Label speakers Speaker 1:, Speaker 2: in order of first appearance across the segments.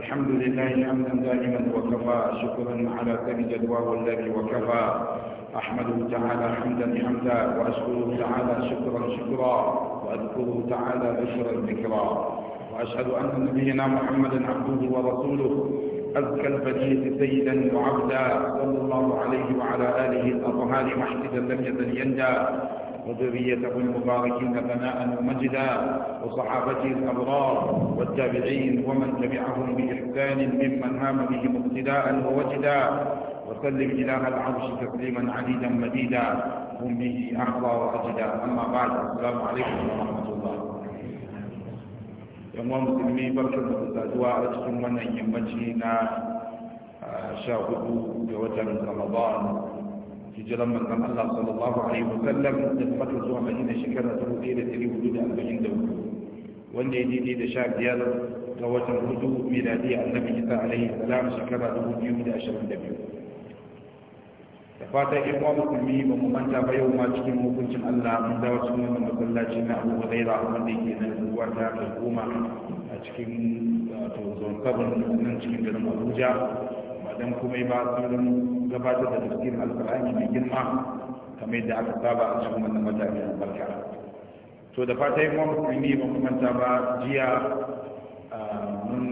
Speaker 1: الحمد لله حمدا دائما وكفى شكرا على كل جدواه الذي وكفى أحمده تعالى حمدا حمدا وأشكره تعالى شكرا شكرا وأذكره تعالى ذكرا ذكرا وأشهد أن نبينا محمدا عبده ورسوله أزكى البديه سيدا وعبدا صلى الله عليه وعلى آله الأطهار محمدا لم يزل يندى وذريته المباركين ثناء ومجدا وصحابته الأبرار والتابعين ومن تبعهم بإحسان ممن هام بهم اقتداء ووجدا وسلم إله العرش تسليما عديدا مديدا هم به أحظى وأجدا أما بعد السلام عليكم ورحمة الله yan uwan musulmi barkar da saduwa a cikin wannan yammaci na sha hudu ga watan ramadan hijiran manzon Allah sallallahu alaihi wasallam da ta fatu zuwa Madina shekara ta da da da arba'in hudu wanda ya daidai da sha biyar ga watan hudu miladi annabi Isa alaihi salam shekara biyu da ashirin da da biyu. fata in wa musulmi ba mu manta ba yau ma cikin hukuncin Allah mun dawo cikin wannan masallaci na Abu Hurairah wanda yake nan zuwa ta goma a cikin wato zon kabin nan cikin garin Abuja ba dan komai ba sun gabatar da tafsirin alkur'ani mai girma kamar yadda aka saba a cikin wannan matafi barka? to da fata yin musulmi ba kuma ta ba jiya mun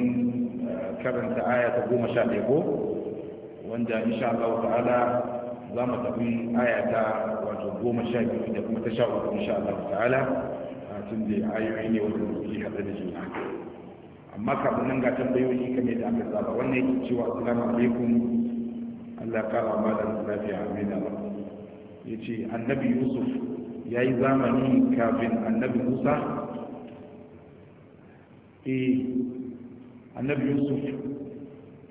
Speaker 1: karanta aya ta goma sha ɗaya ko wanda insha Allah ta'ala za mu tafi aya ta wato goma sha biyu da kuma ta sha uku insha Allah ta'ala tun da ayoyi ne wanda suke haɗe da juna Amma kafin nan ga tambayoyi kamar da aka zaba wannan yake cewa assalamu alaikum Allah kara ma da lafiya amina yace annabi Yusuf yayi zamani kafin annabi Musa eh annabi Yusuf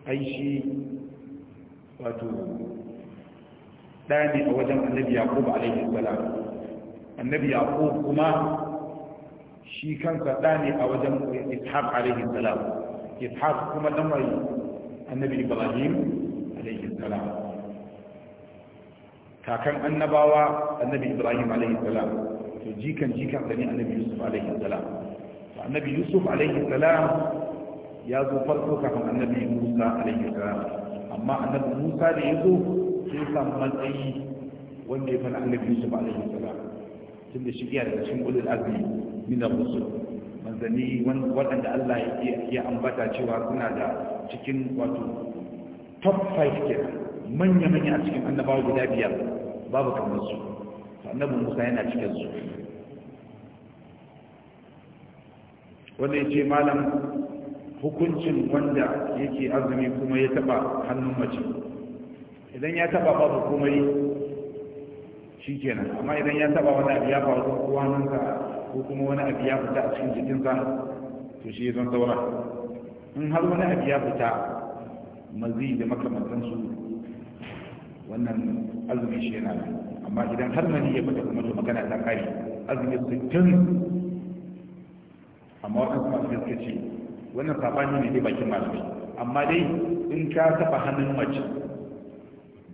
Speaker 1: ai shi wato ɗani a wajen annabi Yaqub alaihi salam annabi Yaqub kuma shi kansa ɗa ne a wajen ishaq alaihi salam ishaq kuma dan wai annabi ibrahim alaihi salam kakan annabawa annabi ibrahim alaihi salam to jikan jikan da ne annabi yusuf alaihi salam to annabi yusuf alaihi salam ya zo farko kafin annabi musa alaihi salam amma annabi musa da ya zo sai samu matsayi wanda ya fana annabi yusuf alaihi salam tun da shi iya daga cikin ulul azmi min al rusul manzani waɗanda Allah ya ambata cewa suna da cikin wato top 5 kenan manya manya a cikin annabawa guda biyar babu kamar su annabi Musa yana cikin su wanda ya ce malam hukuncin wanda yake azumi kuma ya taba hannun mace idan ya taba babu komai shi kenan amma idan ya taba wani abu ya faru ko hannunka ko kuma wani abu ya fita a cikin jikinsa to shi zan saura in har wani abu ya fita mazi da makamantansu wannan azumi shi yana da amma idan har mani ya fita kuma to magana ta kare azumi sittin amma kuma su gaske ce wannan sabani ne dai bakin malamai amma dai in ka taɓa hannun mace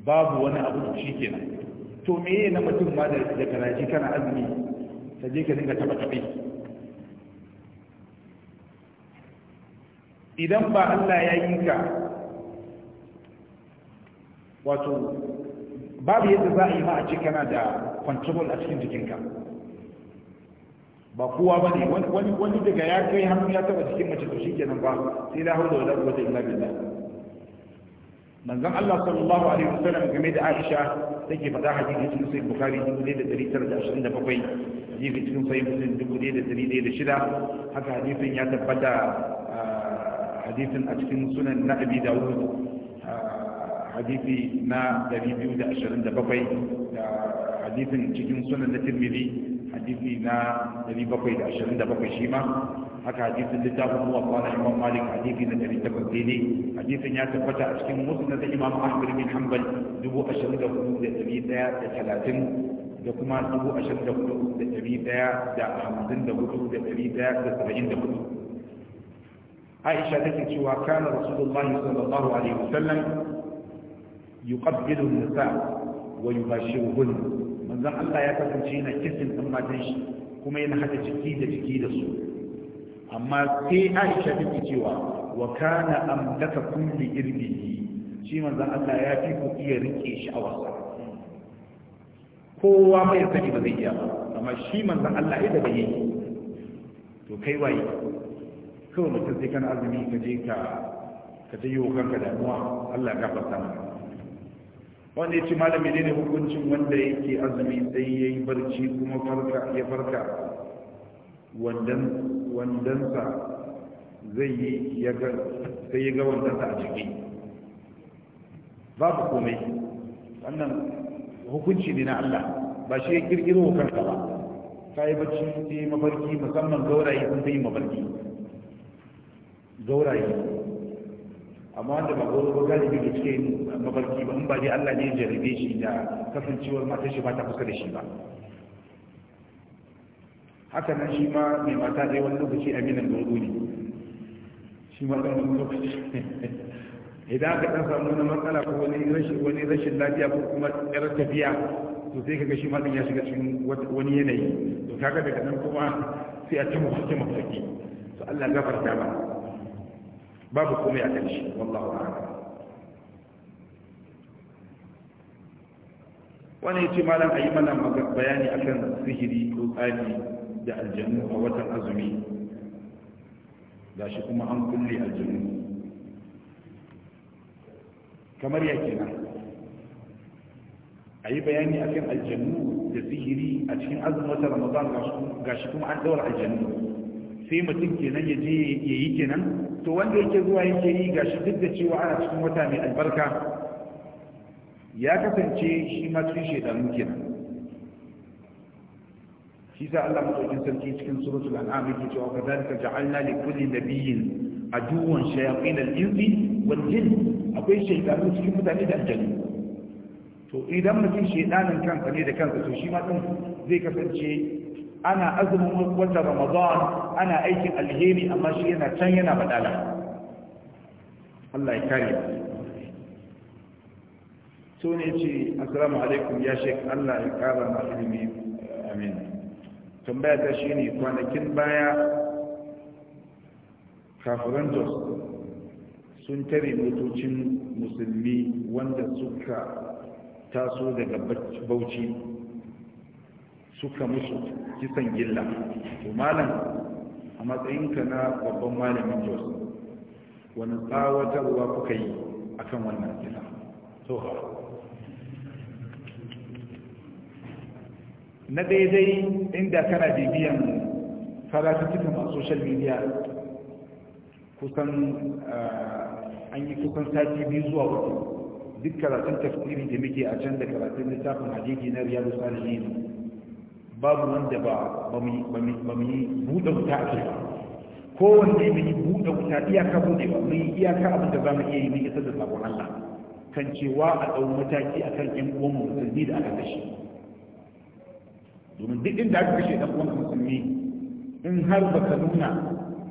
Speaker 1: babu wani abu shi kenan to me na mutum ma da karaji kana azumi ka je ka dinga taba tabe idan ba Allah ya yi ka wato babu yadda za a yi ma a ce kana da control a cikin jikinka ba kowa ba ne wani daga ya kai hannu ya taba cikin mace to shikenan ba sai da hau da wadda wata illa billah manzon Allah sallallahu alaihi wasallam game da Aisha take faɗa hadisi cikin sai bukari dubu ɗaya da tara da ashirin da bakwai hadisi cikin sai muslim dubu da da shida haka hadisin ya tabbata hadisin a cikin sunan na abi dawud hadisi na ɗari biyu da ashirin da bakwai da hadisin cikin sunan na tirmidhi hadisi na ɗari bakwai da ashirin da bakwai shi ma haka hadisin littafin muwafa na imam malik hadisi na ɗari takwas daidai hadisin ya tabbata a cikin musnad da imam ahmad bin hanbal dubu ashirin da hudu da dari daya da talatin da kuma dubu ashirin da hudu da dari daya da hamsin da hudu da dari daya da saba'in da hudu aisha take cewa kana rasulullahi sallallahu alaihi wasallam yuqabbilu an-nisa wa yubashiruhun manzon Allah ya kasance yana kissin ɗan matan shi kuma yana hada jiki da jiki da su amma sai aisha take cewa wa kana amlaka kulli irbihi shi manzon Allah ya fi ku iya rike shi a wasa kowa mai sani ba zai iya ba amma shi manzon Allah ya daga yake to kai waye kawai mutum sai kana azumi ka je ka ka ta yi wa kanka damuwa Allah ya gafarta maka wanda ya ce malami ne hukuncin wanda yake azumi sai yayi barci kuma farka ya farka wandansa zai yi sai ya ga wandansa a jiki babu komai wannan hukunci ne na Allah ba shi ya kirkiro kanka ba Ta yi bacci sai mafarki musamman gauraye sun yi mafarki gauraye amma wanda ba gauru ba galibi da suke mafarki ba in ba dai Allah ne ya jarabe shi da kasancewar matar shi ba ta kusa da shi ba haka nan shi ma mai mata ɗaya wani lokaci a aminin gurgu ne shi ma ɗan wani lokaci idan aka ɗan samu wani matsala ko wani rashin lafiya ko kuma ƴar tafiya to sai kaga shi ma ɗan ya shiga cikin wani yanayi to kaga daga nan kuma sai a ci mafarki mafarki to Allah gafarta ba babu komai a kan shi wallahu a'lam wani ya ce malam a yi mana bayani akan sihiri ko tsari da aljanu a watan azumi gashi kuma an kulle aljanu kamar ya kenan a yi bayani a kan aljanu da sihiri a cikin azumin wata ramadan gashi kuma an daura aljanu sai mutum kenan ya je ya yi kenan to wanda yake zuwa yake yi ga shi duk da cewa ana cikin wata mai albarka ya kasance shi ma cikin shaidanmu kenan shi sa Allah madaukin sarki cikin suratul an'am yake cewa kadhalika ja'alna li kulli nabiyyin aduwan shayatin al-insi wal jin akwai shaytanu cikin mutane da aljannu to idan mutum shaytanin kanka ne da kanka to shi ma din zai kasance ana azumin wata ramadan ana aikin alheri amma shi yana can yana badala Allah ya kare so ne ce assalamu alaikum ya shek Allah ya kara ma ilimi tambaya ta shi ne kwanakin baya kafirantos sun tare motocin musulmi wanda suka taso daga bauchi suka musu kisan gilla to malam a matsayinka na babban malamin jos wani tsawatarwa kuka yi akan wannan so, na daidai inda kana bibiyan farasitikan a social media kusan eh, an yi kusan sati biyu zuwa wata duk karatun tafsiri da muke a can da karatun littafin hajji na riyadu salihin babu wanda ba mu yi buɗe wuta a ba kowanne mu yi buɗe wuta iyaka buɗe ba mu yi iyaka abin da za mu iya yi mu isa da sabon Allah kan cewa a ɗau mataki a kan ƴan uwanmu musulmi da aka kashe domin duk inda aka kashe dan uwan musulmi in har baka nuna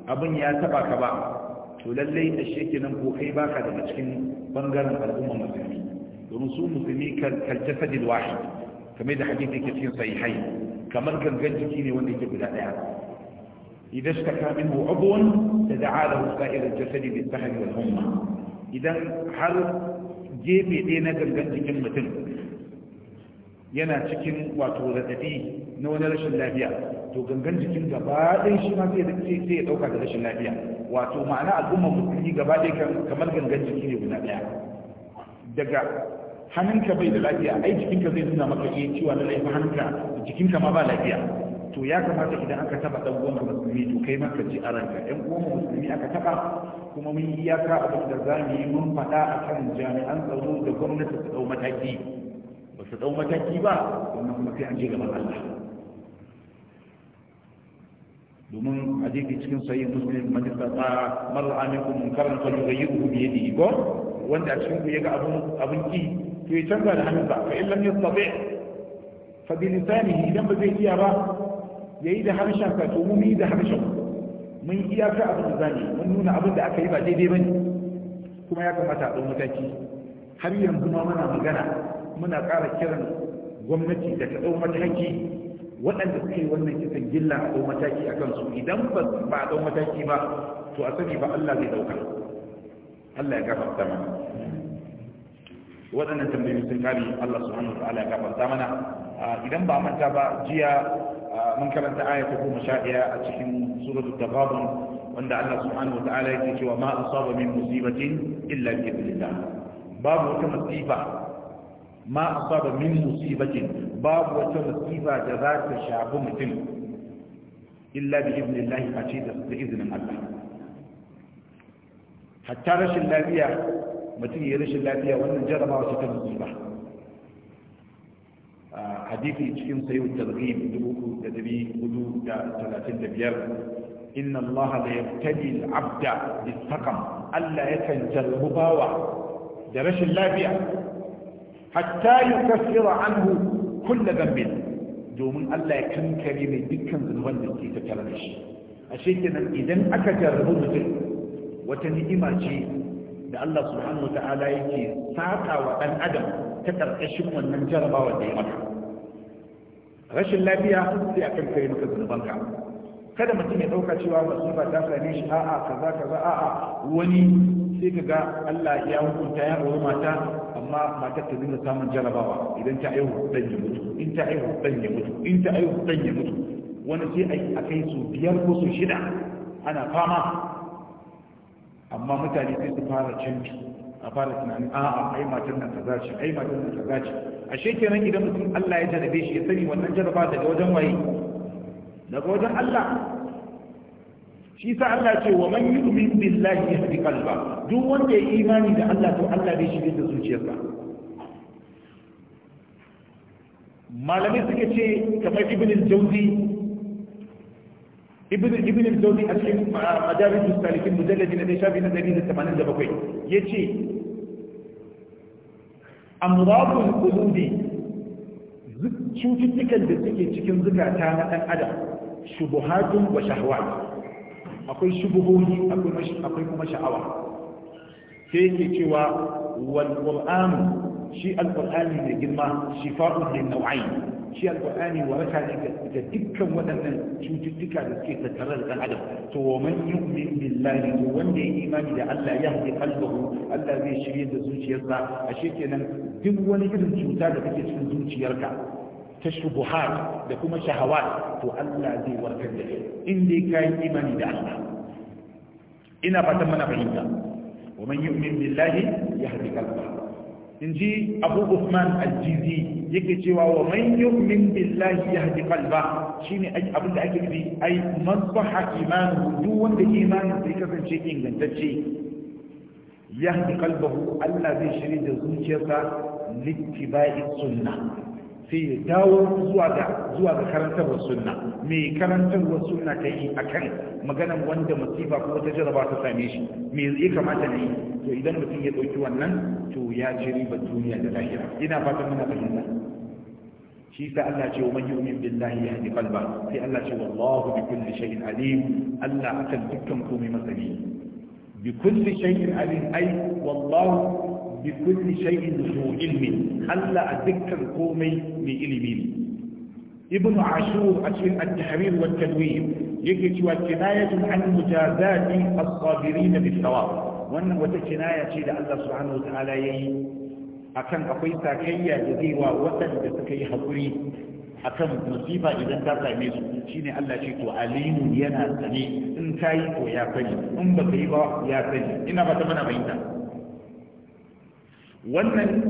Speaker 1: abin ya taba ka ba to lallai ashe kenan ko kai baka daga cikin bangaren al'umma musulmi domin su musulmi kal jasadil wahid kamar da hadisi yake cikin sahihai kamar gangan jiki ne wanda yake guda daya idan suka ka min ubun da da'a da sa'ir jasadi bi sahri wal idan har gefe ɗaya na gangan jikin mutum yana cikin wato radadi na wani rashin lafiya to gangan jikin gaba ɗaya shi ma sai ya ɗauka da rashin lafiya wato ma'ana al'umma musulmi gaba ɗaya kamar gangan jiki ne guda ɗaya daga hannunka bai da lafiya ai jikinka zai nuna maka iya eh cewa na laifin hannunka jikinka ma ba lafiya to ya kamata idan aka taba ɗan uwan musulmi to kai maka ji a ranka ɗan uwan musulmi aka taba kuma mun yi iyaka abin da za mu yi mun faɗa a kan jami'an tsaro da gwamnati su ɗau mataki ba su ɗau mataki ba wannan kuma sai an je gaban Allah domin a jiki cikin sayi muslim man istata marra aminkum munkaran fa yughayyiruhu bi yadihi ko wanda a cikin ku yaga abun abun ki to ya canza da hannun ba fa in lam yastati fa bi lisanihi idan ba zai iya ba yayi da harshen ka to mun yi da harshen mun iya ka abin zani mun nuna abin da aka yi ba daidai bane kuma ya kamata a ɗau mataki har yanzu ma muna magana muna ƙara kiran gwamnati da ta ɗau mataki waɗanda suke wannan kisan gilla a ɗau mataki a kansu idan ba a ɗau mataki ba to a sani ba Allah zai ɗauka Allah ya gafarta mana waɗannan tambayoyi sun kare Allah subhanahu wa ta'ala ya gafarta mana idan ba manta ba jiya mun karanta aya ta goma sha ɗaya a cikin suratu tafadun wanda Allah subhanahu wa ta'ala yake cewa ma asaba min musibatin illa bi idnillah babu wata masifa ma asaba min musibatin babu wata musiba da za ta shafi mutum illa bi ibnillahi a ce da izinin Allah hatta rashin lafiya mutum ya rashin lafiya wannan jarabawa ce ta musiba hadisi cikin talatin da biyar. inna Allah la yabtali al-abda bis-saqam Allah ya kan bawa da rashin lafiya
Speaker 2: hatta yukaffira anhu
Speaker 1: kulle dhanbin domin Allah ya kankare mai dukkan zunuban da ke tattare da shi ashe kenan idan aka jarrabu mutum wata ni'ima ce da Allah subhanahu ta'ala yake saka wa dan adam ta karkashin wannan jarabawa da ya maka rashin lafiya sai a kankare maka zunubanka kada mutum ya dauka cewa masifa ta same shi a'a kaza kaza a'a wani sai ka ga Allah ya hukunta ya auri mata amma mata ta nuna samun jarabawa idan ta aihu dan ya mutu in ta aihu dan ya mutu in ta aihu dan ya mutu wani sai a kai su biyar ko su shida ana fama amma mutane sai su fara canji a fara tunanin a'a ai matan nan kaza ce ai matan nan ta ce ashe kenan idan mutum Allah ya jarabe shi ya sani wannan jaraba daga wajen waye daga wajen Allah shi sa Allah ce wa man yu'min billahi yahdi qalba duk wanda ya imani da Allah to Allah zai shige da zuciyarsa malamai suka ce kamar ibn al-jawzi ibn ibn al-jawzi a cikin madarij salikin mujallad na shafi na 187 yace amradul qulubi cututtukan da suke cikin zukata na dan adam shubuhatun wa shahwat akwai shubuhohi akwai kuma sha'awa sai yake cewa wal qur'an shi al qur'ani girma shifa'un lin naw'ain shi al qur'ani waraka ne ga dukkan waɗannan cututtuka da suke tattare da dan adam to man yu'min billahi to wanda ya imani da Allah ya hadi qalbahu Allah zai shirye da zuciyarsa ashe kenan duk wani irin cuta da take cikin zuciyarka ta shubuhat da kuma shahawat to Allah zai warkar da kai in dai kai imani da Allah ina fatan mana fahimta wa man yu'min billahi yahdi qalbahu inji Abu Uthman al-Jizi yake cewa wa man yu'min billahi yahdi qalba shine ai abin da ake nufi ai man saha imanuhu duk wanda imanin sai kasance ingantacce yahdi qalbahu Allah zai shirye da zuciyarsa littiba'i sunnah sai ya dawo zuwa ga zuwa ga karantarwar sunna me karantarwar sunna ta yi akan maganar wanda musiba ko ta jaraba ta same shi me ya kamata ne to idan mutum ya dauki wannan to ya ji riba duniya da lahira ina fatan muna fahimta shi sa Allah ce wa man yu'min billahi yahdi qalba sai Allah ce wallahu bi kulli shay'in alim Allah akan dukkan komai masani bi kulli shay'in alim ai wallahu bi kulli shay'in zu ilmin Allah a dukkan komai mai ilimi ne ibnu ashur a cikin at-tahrir wa at-tadwir yake cewa kinayatun an mujazati as-sabirin bi sawab wannan wata kinaya ce da Allah subhanahu wa ta'ala yayi akan akwai sakayya da zai wa waɗanda suka yi haƙuri akan musifa idan ta same su shine Allah ce to alimu yana sani, in kayi to ya sani in baka yi ba ya sani ina ba ta mana bayyana wannan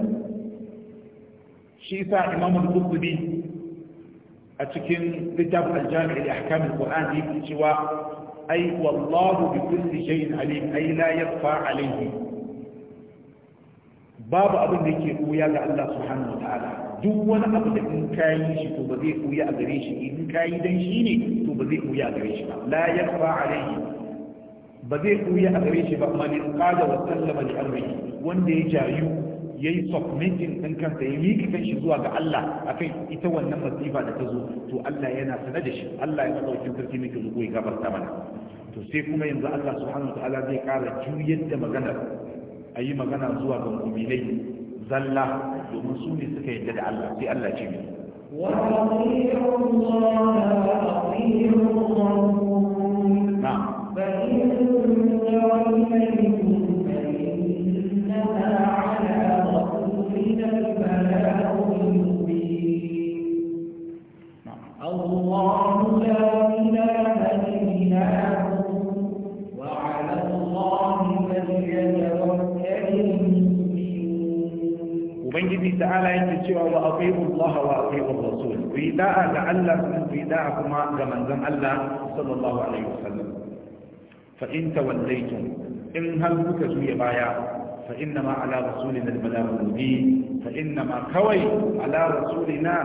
Speaker 1: shi sa imam al-qurtubi a cikin littafin al-jami' al-ahkam al-qur'an yake cewa ai wallahu bi kulli shay'in alim ai la yakhfa alayhi babu abin da yake koya ga Allah subhanahu wa ta'ala duk wani abu da in kayi shi to ba zai koya a gare shi in kayi dan shi ne to ba zai koya a gare shi ba la yakhfa alayhi ba zai koya a gare shi ba man qada wa sallama li amrihi wanda ya jayu ya yi submitting ɗin kansa ya miƙa kan shi zuwa ga Allah a kai ita wannan masifa da ta zo to Allah yana sanar da shi Allah ya ɗauki sarki muke zuwa ya gabarta mana to sai kuma yanzu Allah subhanahu wa ta'ala zai ƙara juyar da magana a yi magana zuwa ga mu'minai zalla domin su ne suka yarda da Allah sai Allah ce mai وأطيعوا الله وأطيعوا
Speaker 2: الرسول فإن توليتم البلاء
Speaker 1: المبين الله لا إله إلا هو وعلى الله فليتوكل Ubangiji ta'ala yake cewa wa aqimu Allah wa aqimu Rasul ku yi da'a ga Allah ku yi da'a kuma ga manzon Allah sallallahu alaihi wasallam fa in tawallaytum in hal kuka juya baya فإنما على رسولنا البلاغ المبين فإنما كوي على رسولنا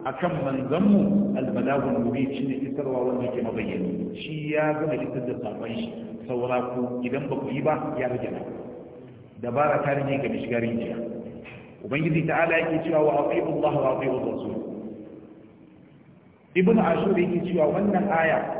Speaker 1: akan manzanmu albalagun mubi shi ne isarwa wanda yake mabayyana shi ya gama isar da sabon shi saura idan ba yi ba ya rage na dabara ta rage ga shiga rijiya ubangiji ta'ala yake cewa wa aqimu Allah ibn yake cewa wannan aya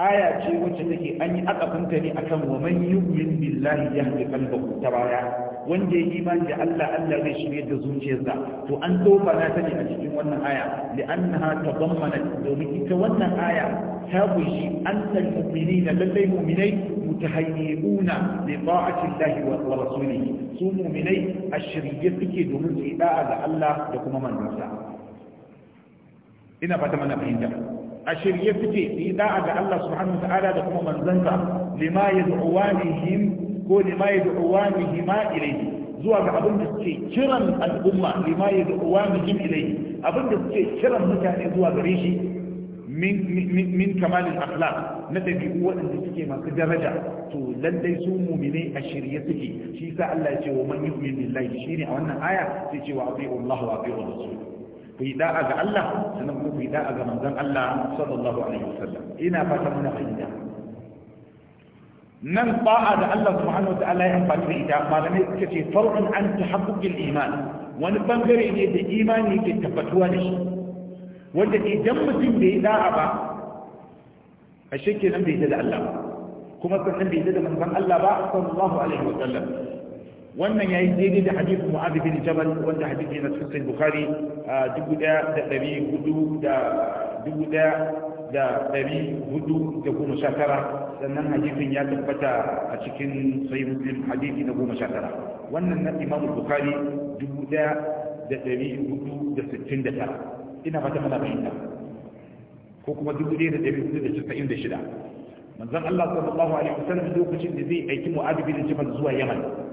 Speaker 1: aya ce wacce take an yi akafinta ne akan wa man yu'min billahi yahdi qalbahu ta baya wanda ya imani da Allah Allah zai shirye da zuciyarsa to an tsofana ta ne a cikin wannan aya li'annaha tadammana domin ita wannan aya ta kunshi an san mu'mini da lallai mu'minai mutahayyibuna bi ta'ati Allah wa rasulihi su mu'minai a shirye suke domin su da'a ga Allah da kuma manzansa ina fata mana fahimta a shirye suke su yi da'a ga Allah subhanahu wa ta'ala da kuma manzansa lima yad'uwanihim ko lima yad'uwanihima ilayhi zuwa ga abin da suke kiran al'umma lima yad'uwanihim ilayhi abin da suke kiran mutane zuwa gare shi min min kamalin akhlaq na dabi'u waɗanda suke masu daraja to lallai su mu'mine a shirye suke shi sa Allah ya ce wa man yu'min billahi shine a wannan aya sai ce wa abi'u Allah wa abi'u rasul ku yi da'a ga Allah sannan kuma ku yi da'a ga manzon Allah sallallahu alaihi wasallam ina fata muna fahimta nan ba'a da Allah subhanahu wataala ya amfani da ita malamai suka ce far'un an tahaqqul iman wani bangare ne da imani ke tabbatuwa ne. shi wanda idan mutum bai da'a ba a shekke nan bai da Allah kuma sannan bai da manzon Allah ba sallallahu alaihi wasallam wannan ya yi daidai da hadisin mu'adh bin jabal wanda hadisi na cikin sahih bukhari dubu daya da dari hudu da dubu daya da dari hudu da goma sha tara sannan hadisin ya tabbata a cikin sahih muslim hadisi na goma sha tara wannan na imam bukhari dubu daya da dari hudu da sittin da tara ina fata mana fahimta ko kuma dubu daya da dari hudu da casa'in da shida manzon Allah sallallahu alaihi wasallam lokacin da zai aiki mu'adh bin jabal zuwa yaman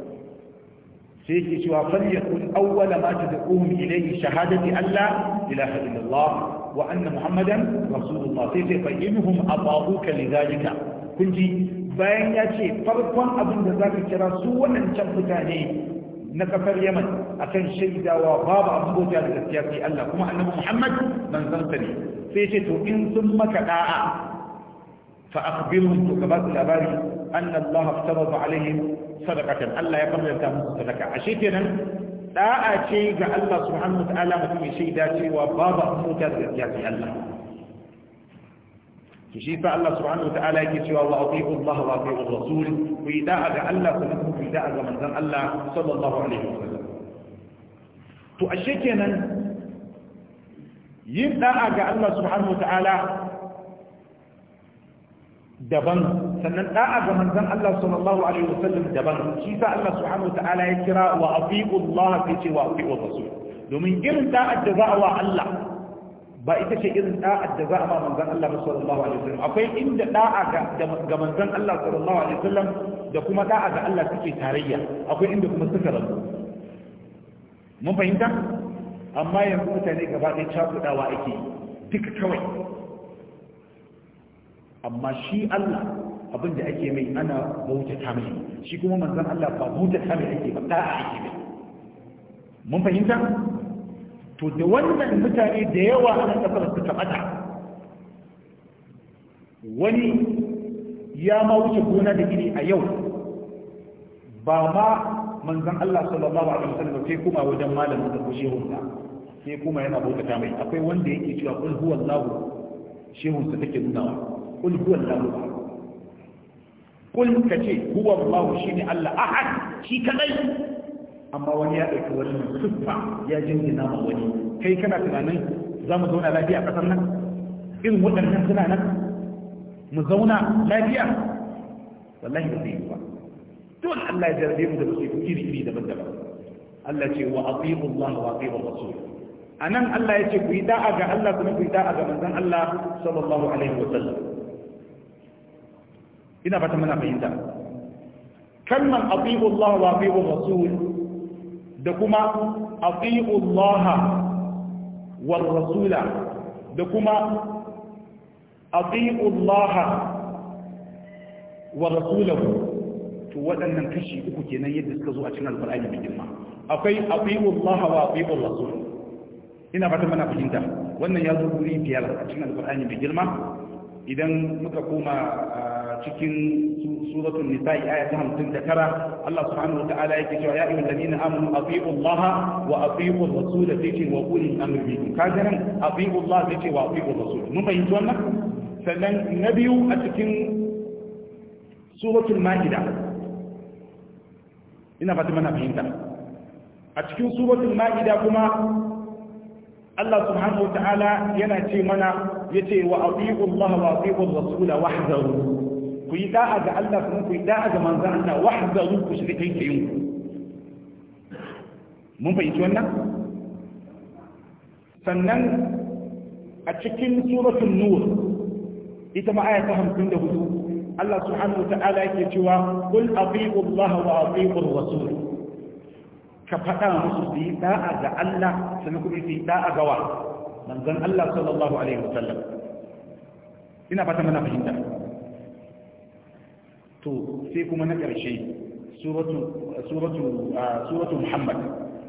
Speaker 1: sai yake cewa falyakun awwala ma tad'uhum ilayhi shahadati alla ilaha illallah wa anna muhammadan rasulullah sai sai fa inhum ata'uka lidhalika kun ji bayan ya ce farkon abin da zaka kira su wannan can mutane na kasar yaman akan shaidawa babu abin bauta da gaskiya sai Allah kuma annabi Muhammad manzon sa ne sai ce to in sun maka da'a فأخبرهم تكبات الأباري أن الله افترض عليهم صدقة ألا يقبل التامس صدقة عشيتنا لا أشيء الله سبحانه وتعالى مكي شيء ذاتي وبابا موتا يعني الله تشيف الله سبحانه وتعالى يكسي الله أطيع الله وأطيع الرسول وإداء الله كلكم وإداء من ذن الله صلى الله عليه وسلم تؤشيتنا يبدأ الله سبحانه وتعالى daban sannan da'a ga manzon Allah sallallahu alaihi wasallam daban shi sa Allah subhanahu wataala ya kira wa atiu Allah fi ce wa atiu rasul domin irin da'a da za'a wa Allah ba ita ce irin da'a da za'a ma manzon Allah sallallahu alaihi wasallam akwai inda da'a ga ga manzon Allah sallallahu alaihi wasallam da kuma da'a ga Allah suke tarayya akwai inda kuma suka rabu mun fahimta amma yanzu mutane gaba ɗaya cakudawa ake duka kawai amma shi Allah abin da ake mai ana bauta ta mai shi kuma manzon Allah ba bauta ta mai ake ba da'a ake mai mun fahimta to da wannan mutane da yawa a nan kasar suka bata wani ya ma wuce gona da gini a yau ba ma manzon Allah sallallahu alaihi wasallam sai kuma wajen malamin da shehu hunta sai kuma yana bauta ta mai akwai wanda yake cewa kul huwallahu shehunsa take nunawa kul huwa Allah kul kace huwa Allah shine Allah ahad shi kadai amma wani ya dauki wani siffa ya jingina ma wani kai kana tunanin za mu zauna lafiya a kasar nan in waɗannan suna nan mu zauna lafiya wallahi ba zai yi ba dole Allah ya jarabe mu da musibu iri iri daban-daban Allah ce wa atiu Allah wa atiu Rasul anan Allah ya ce ku yi da'a ga Allah kuma ku yi da'a ga manzon Allah sallallahu alaihi wa sallam ina fata muna fahimta kalman ati'u Allah wa ati'u rasul da kuma ati'u Allah wa rasula da kuma ati'u Allah wa rasulahu to waɗannan kashi uku kenan yadda suka zo a cikin alqur'ani mai girma akwai ati'u Allah wa ati'u rasul ina fata muna fahimta wannan ya zo guri biyar a cikin alqur'ani mai girma idan muka koma cikin suratul nisa'i aya ta tara Allah subhanahu wataala yake cewa ya ayyuhal ladina amanu atiiu Allah wa atiiu ar-rasul yake wa ulil amri minkum kaga nan atiiu Allah yake wa atiiu ar-rasul mun fahimci wannan sannan na biyu a cikin suratul maida ina fata mana fahimta a cikin suratul maida kuma Allah subhanahu wataala yana ce mana yace wa atiiu Allah wa atiiu ar-rasul wahdahu ku yi da'a ga Allah kuma ku yi da'a ga manzon Allah wahdaru ku shiga kai kayin ku mun fahimci wannan sannan a cikin suratul nur ita ma aya ta 54 Allah subhanahu wata'ala yake cewa qul atiiu Allah wa atiiu rasul ka faɗa musu su yi da'a ga Allah sannan kuma su yi da'a ga wa manzan Allah sallallahu alaihi wasallam ina fata mana fahimta to sai kuma na ƙarshe suratu muhammad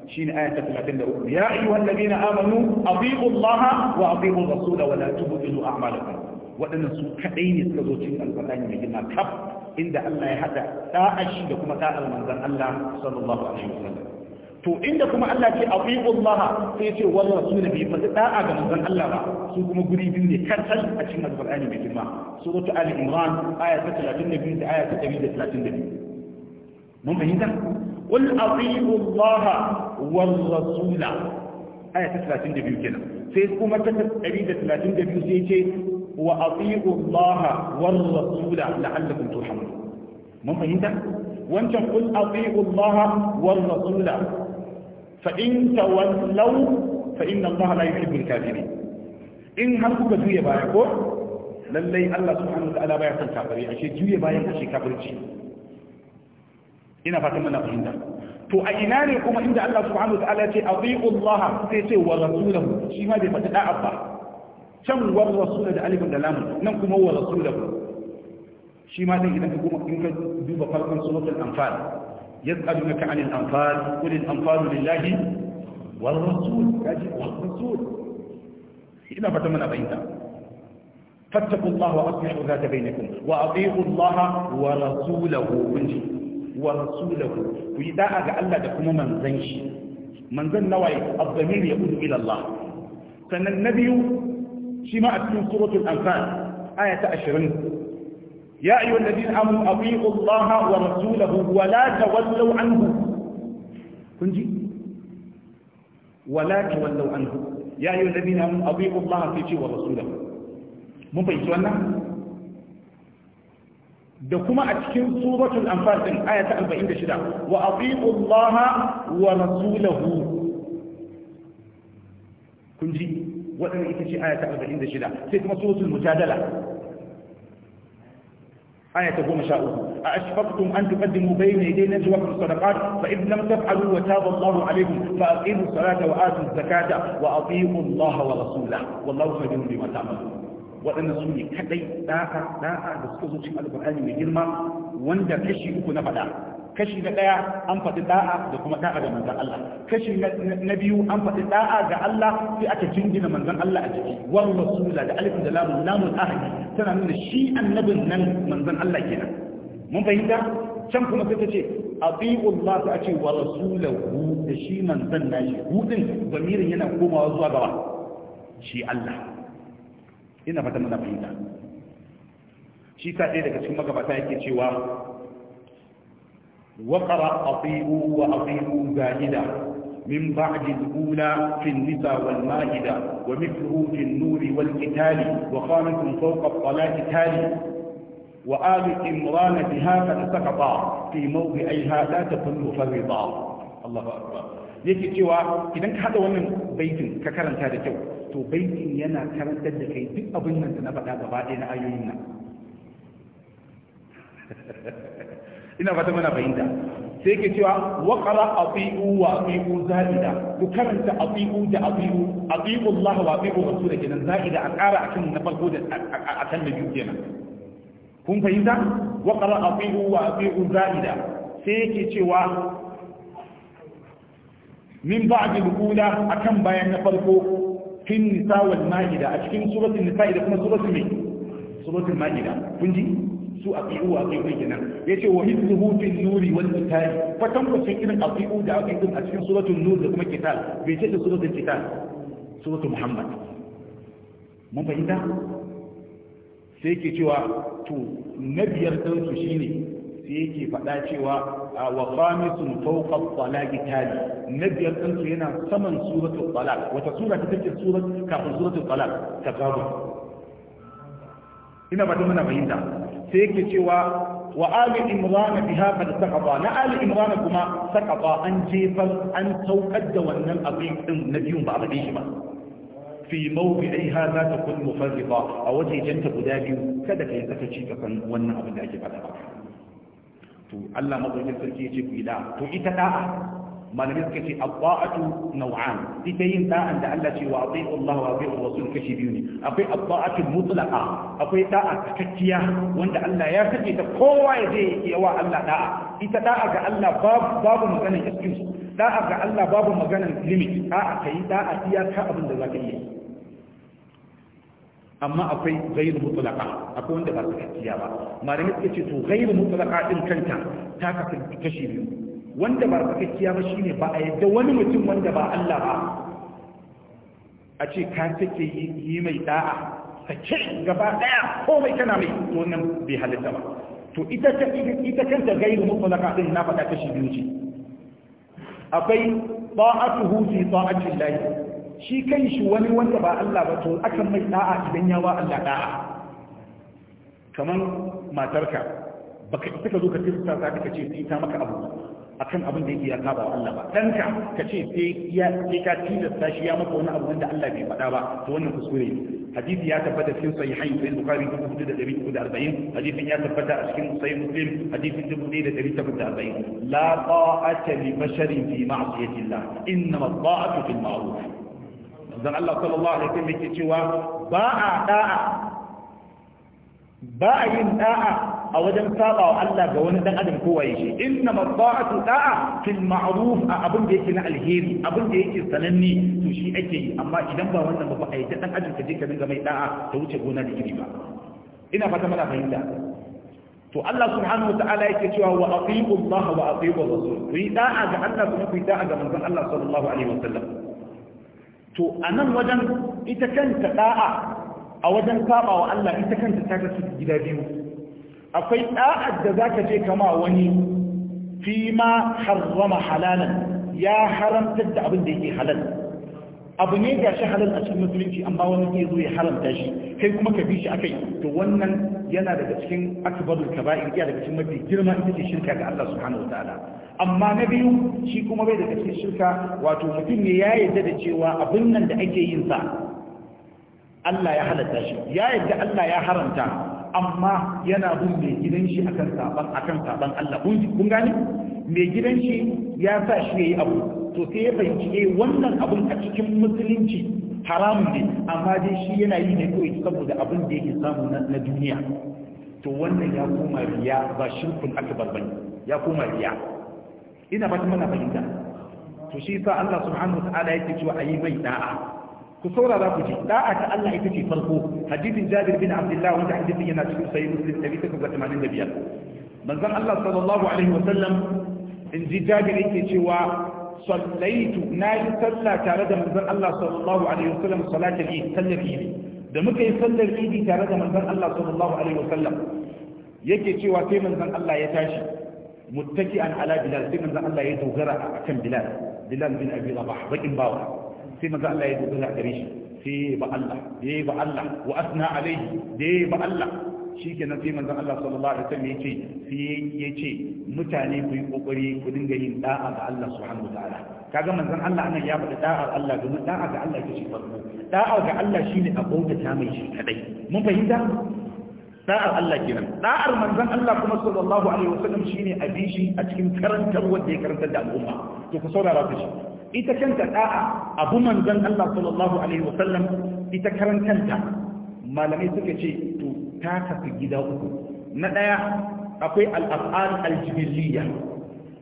Speaker 1: shi ne ayata 33 ya yi wallabi na amanu a fiƙun laha wa a fiƙun rasula wa latubu ilu amalakun waɗannan su kaɗai ne suka zo cikin alƙalani mai girma kaf inda allah ya haɗa ɗa'ashi da kuma ɗa'ar manzan allah sallallahu alaihi wasallam to inda kuma Allah ce atiullaha sai ce wal na bi fa da'a ga manzon Allah ba su kuma guri biyu ne kantal a cikin alqur'ani mai girma suratu ali imran aya ta talatin da biyu aya ta biyu. mun fahimta qul atiullaha wal rasul aya ta biyu kenan sai kuma ta da da talatin biyu sai ce wa atiullaha wal rasul la'allakum turhamun mun fahimta wancan qul atiullaha wal rasul fa in tawallaw fa inna allaha la yuhibbul kafirin in har kuka juya baya ko lallai Allah subhanahu wataala baya son kafiri ashe juya bayan ashe kafirci ina fatan mana fahimta to a ina ne kuma inda Allah subhanahu wataala ala ce ati'u Allah sai ce wa rasulahu shi ma bai faɗi da'a ba can war rasula da alifin da lamun nan kuma wa rasulahu shi ma din idan ka kuma in ka duba farkon suratul anfal يسألونك عن الأنفال قل الأنفال لله والرسول والرسول إلى فتمنى بيننا فاتقوا الله وأصلحوا ذات بينكم وأطيعوا الله ورسوله منشي ورسوله وإذا أجعل لكم من زنش من زن نوعي الضمير يقول إلى الله فإن النبي شماء في سورة الأنفال آية 20 يا أيها الذين آمنوا أطيعوا الله ورسوله ولا تولوا عنه كنجي ولا تولوا عنه يا أيها الذين آمنوا أطيعوا الله ورسوله mun fahimci wannan da kuma a cikin suratul anfal din aya ta 46 wa atiqu allaha wa rasulahu kun ji wannan ita ce aya ta sai kuma suratul mujadala ayata goma sha uku a asfaktum an tuqaddimu bayna yadayna zuwakum sadaqat fa in lam taf'alu wa taba Allahu alaykum fa aqimu salata wa atu zakata wa atiu Allah wa rasulahu wallahu khabirun bima ta'malun wadanna sunni kadai da'a da'a da suka zo mai girma wanda kashi uku na fada kashi na ɗaya an faɗi da'a da kuma da'a ga manzan Allah kashi na biyu an faɗi da'a ga Allah sai aka jingina manzan Allah a jiki wan rasula da alif da lamun lamun ahadi tana nuna shi annabin nan manzan Allah kenan mun fahimta can kuma sai ta ce atiu Allah ta ce wa rasulahu da shi manzan nashi hudin zamirin yana komawa zuwa gaba shi Allah ina fata mana fahimta shi ta ɗaya daga cikin magabata yake cewa وقرأ أطيعوا وأطيعوا زاهدا من بعد الأولى في النساء والمائدة ومثله في النور والقتال وخامس فوق الطلاق تالي وآل إمران بها قد سقطا في موضعيها لا تكلف الرضا الله أكبر yake cewa idan ka hada wannan baitin ka karanta da kyau to baitin yana karantar da kai duk abin nan da na faɗa gaba ɗaya na ayoyin nan ina fata mana fahimta sai ke cewa wa qara atiu wa atiu zaida ku karanta atiu da atiu atiu Allah wa atiu rasul kenan zaida a ƙara akan na farko da akan na biyu kenan kun fahimta wa qara atiu wa atiu zaida sai ke cewa min ba'di al-ula akan bayan na farko fin nisa wal ma'ida a cikin suratul nisa da kuma suratul mai suratul ma'ida kun ji su aqiu aqiu kenan ce wa hizbuhu fil nuri wal qital fatan ko sai a aqiu da aqiu a cikin suratul nur da kuma qital bai ce da suratul qital suratul muhammad mun fahimta sai yake cewa to na biyar dan su shine sai yake faɗa cewa wa khamisun fawqa talaqi tali na biyar dan su yana saman suratul talaq wata sura ta take surat kafin suratul talaq ta gaba ina ba ta mana fahimta sai yake cewa wa ali imran biha qad saqata na ali imran kuma saqata an jefar an saukar da wannan abin din na biyun ba a bade shi ba fi mawdi'iha za ta kun mufarriqa a wajejenta guda biyu kada ka yi sakaci kan wannan abin da ake faɗa ba to Allah madaukakin sarki ya ce ku yi da to ita da'a malamai suka ce abba'atu nau'an ita yin da'an da Allah ce wa abi'u Allah wa abi'u rasul kashi biyu ne akwai abba'atu mutlaqa akwai da'a takakkiya wanda Allah ya sake ta kowa ya je yawa Allah da'a ita da'a ga Allah babu maganar excuse da'a ga Allah babu maganar limit da'a kai da'a ta abin da zaka iya amma akwai gairu mutlaqa akwai wanda ba takakkiya ba malamai suka ce to gairu mutlaqa din kanta ta kashi biyu wanda ba sakakkiya ba shine ba a yadda wani mutum wanda ba Allah ba a ce ka take yi mai da'a sake gaba daya komai kana mai wannan nan bai halitta ba to ita ta ita kanta gairu mutlaqa din na faɗa kashi biyu ce akwai ta'atuhu fi ta'ati Allah shi kan shi wani wanda ba Allah ba to akan mai da'a idan ya ba Allah da'a kaman matarka baka ita ka zo ka tsaya ta ka ce sai ta maka abu akan abin da yake ya kaba wa Allah ba danka ka ce sai ya sai ka tilasta shi ya maka wani abu wanda Allah bai faɗa ba to wannan kuskure ne hadisi ya tabbata cikin sahihain sai Bukhari 4340 hadisin ya tabbata a cikin sahih Muslim hadisin 1840 la ta'ata li basharin fi ma'siyati Allah inma ta'atu fil ma'ruf dan Allah sallallahu alaihi wasallam yake cewa ba a da'a ba a yin da'a a wajen saba wa Allah ga wani dan adam kowa yake inna mabba'atu da'a fil ma'ruf a abin da yake na alheri abin da yake sananne to shi ake yi amma idan ba wannan ba ai ta dan adam ka je ka dinga mai da'a ta wuce gona da iri ba ina fata mana fahimta to Allah subhanahu wataala yake cewa wa atiu Allah wa atiu rasul ku yi da'a ga Allah kuma ku yi da'a ga manzon Allah sallallahu alaihi wasallam to anan wajen ita kanta da'a a wajen saba wa Allah ita kanta ta kasu gida biyu akwai ɗa'ad da zaka je kama wani fi ma harrama halalan ya haramta da abin da yake halal abu ne ga shi halal a cikin musulunci amma wani ke zo ya haramta shi kai kuma ka bi shi akai to wannan yana daga cikin akbarul kaba'ir yana daga cikin mafi girma ita ce shirka ga Allah subhanahu wataala amma na biyu shi kuma bai daga cikin shirka wato mutum ne ya yarda da cewa abin nan da ake yin sa Allah ya halatta shi ya yarda Allah ya haramta amma yana bin mai gidan shi akan saban akan saban Allah kun gane mai gidan shi ya sa shi yayi abu to sai ya fahimci eh wannan abun a cikin musulunci haram ne amma dai shi yana yi ne kawai saboda abin da yake samu na duniya to wannan ya koma riya ba shirkun akbar bane ya koma riya ina ba ta mana fahimta to shi sa Allah subhanahu wa ta'ala yake cewa ayi mai da'a ku saurara ku ji da'a ta Allah ita ce farko hadisin Jabir bin Abdullah wanda hadisin yana cikin sahih Muslim 1985 manzon Allah sallallahu alaihi wa sallam in ji Jabir yake cewa sallaitu yi sallah tare da manzon Allah sallallahu alaihi wa sallam salatul Eid sallar Eid da muka yi sallar Eid tare da manzon Allah sallallahu alaihi wa sallam yake cewa sai manzon Allah ya tashi muttaki'an ala Bilal sai manzon Allah ya dogara akan Bilal Bilal bin Abi Rabah bakin bawa sai maza Allah ya a gare shi sai ba Allah ya yi ba Allah wa asna alaihi da yi ba Allah shi ke nan sai manzan Allah sallallahu alaihi wasallam ya ce sai ya ce mutane ku yi kokari ku dinga yin da'a ga Allah subhanahu wa ta'ala kaga manzan Allah anan ya faɗi Allah domin da'a ga Allah farko da'a ga Allah shine a bautata mai shi kadai mun fahimta da'ar Allah kenan da'ar manzan Allah kuma sallallahu alaihi wasallam shine a bishi a cikin karantar wanda ya karantar da al'umma to ku saurara ku shi ita kanta da'a abu manzon Allah sallallahu alaihi wasallam ita karantanta, malamai suka ce to ta tafi gida uku na daya akwai al-af'al al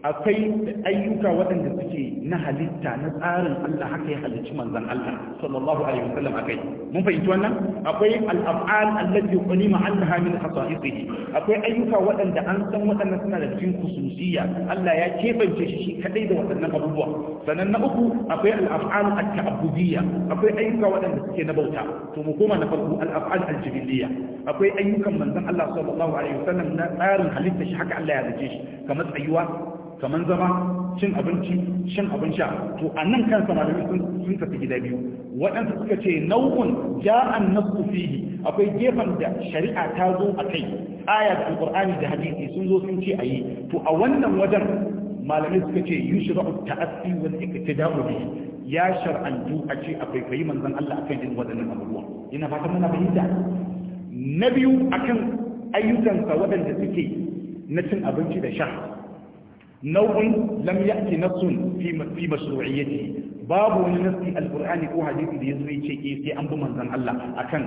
Speaker 1: akwai ayyuka waɗanda suke na halitta na tsarin Allah haka ya halicci manzan Allah sallallahu alaihi wa wasallam akai mun fahimci wannan akwai al-af'al allati qulima annaha min khasa'isihi akwai ayyuka waɗanda an san waɗannan suna da cikin khususiyya Allah ya kebance shi shi kadai da waɗannan abubuwa sannan na uku akwai al-af'al at-ta'abbudiyya akwai ayyuka waɗanda suke na bauta to mu koma na farko al-af'al al-jibiliyya akwai ayyukan manzan Allah sallallahu alaihi wasallam na tsarin halitta shi haka Allah ya halicce shi kamar tsayuwa kamar zama cin abinci shan abin sha to a nan kansa malami sun tafi gida biyu waɗansu suka ce nau'un ja'an nasu fihi akwai gefen da shari'a ta zo a kai aya da alƙur'ani da hadisi sun zo sun ce a yi to a wannan wajen malamai suka ce yushra'u ta'assi wal iktida'u bihi ya shar'antu a ce akwai kai manzon Allah akan din waɗannan abubuwa ina fatan muna fahimta na biyu akan ayyukansa waɗanda suke na cin abinci da sha nau'in lam ya'ti nafsun fi fi mashru'iyyati babu wani nafsi alqur'ani ko hadisi da yazo yace eh sai an bi manzon Allah akan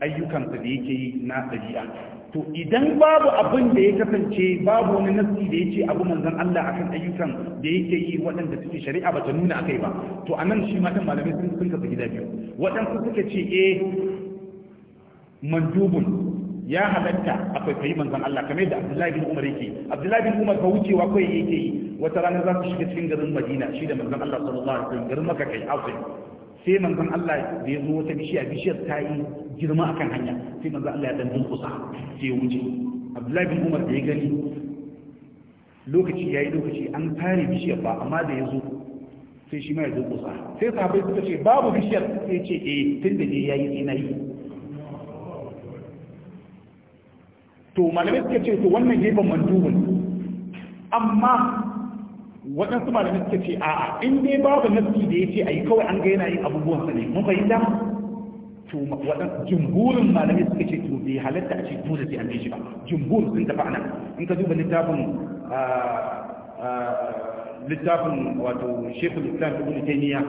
Speaker 1: ayyukansa da yake yi na dabi'a to idan babu abin da ya kasance babu wani nafsi da yace abu manzon Allah akan ayyukan da yake yi waɗanda suke shari'a ba ta nuna akai ba to anan shi ma dan malamai sun sun gida biyu waɗansu suka ce eh mandubun ya halatta akwai kwaikwayi manzan Allah kamar yadda Abdullahi bin Umar yake Abdullahi bin Umar ba wucewa kai yake yi wata rana za ku shiga cikin garin Madina shi da manzan Allah sallallahu alaihi wasallam garin Makka kai Azim sai manzan Allah da ya zo wata bishiya bishiyar ta yi girma akan hanya sai manzan Allah ya dan kusa sai ya wuce Abdullahi bin Umar da ya gani lokaci yayi lokaci an kare bishiyar ba amma da ya zo sai shi ma ya zo kusa sai sahabbai suka ce babu bishiyar sai ya ce eh tunda ne yayi sai na yi to malamai suka ce to wannan gefen mandubin amma waɗansu malamai suka ce a'a in dai babu nafsi da ya ce a yi kawai an ga yana yin abubuwan sa ne mun fahimta to waɗansu jumhurin malamai suka ce to bai halatta a ce dole sai an bi shi ba jumhur sun tafi anan in ka duba littafin ah, ah, littafin wato shekul islam ibn taymiya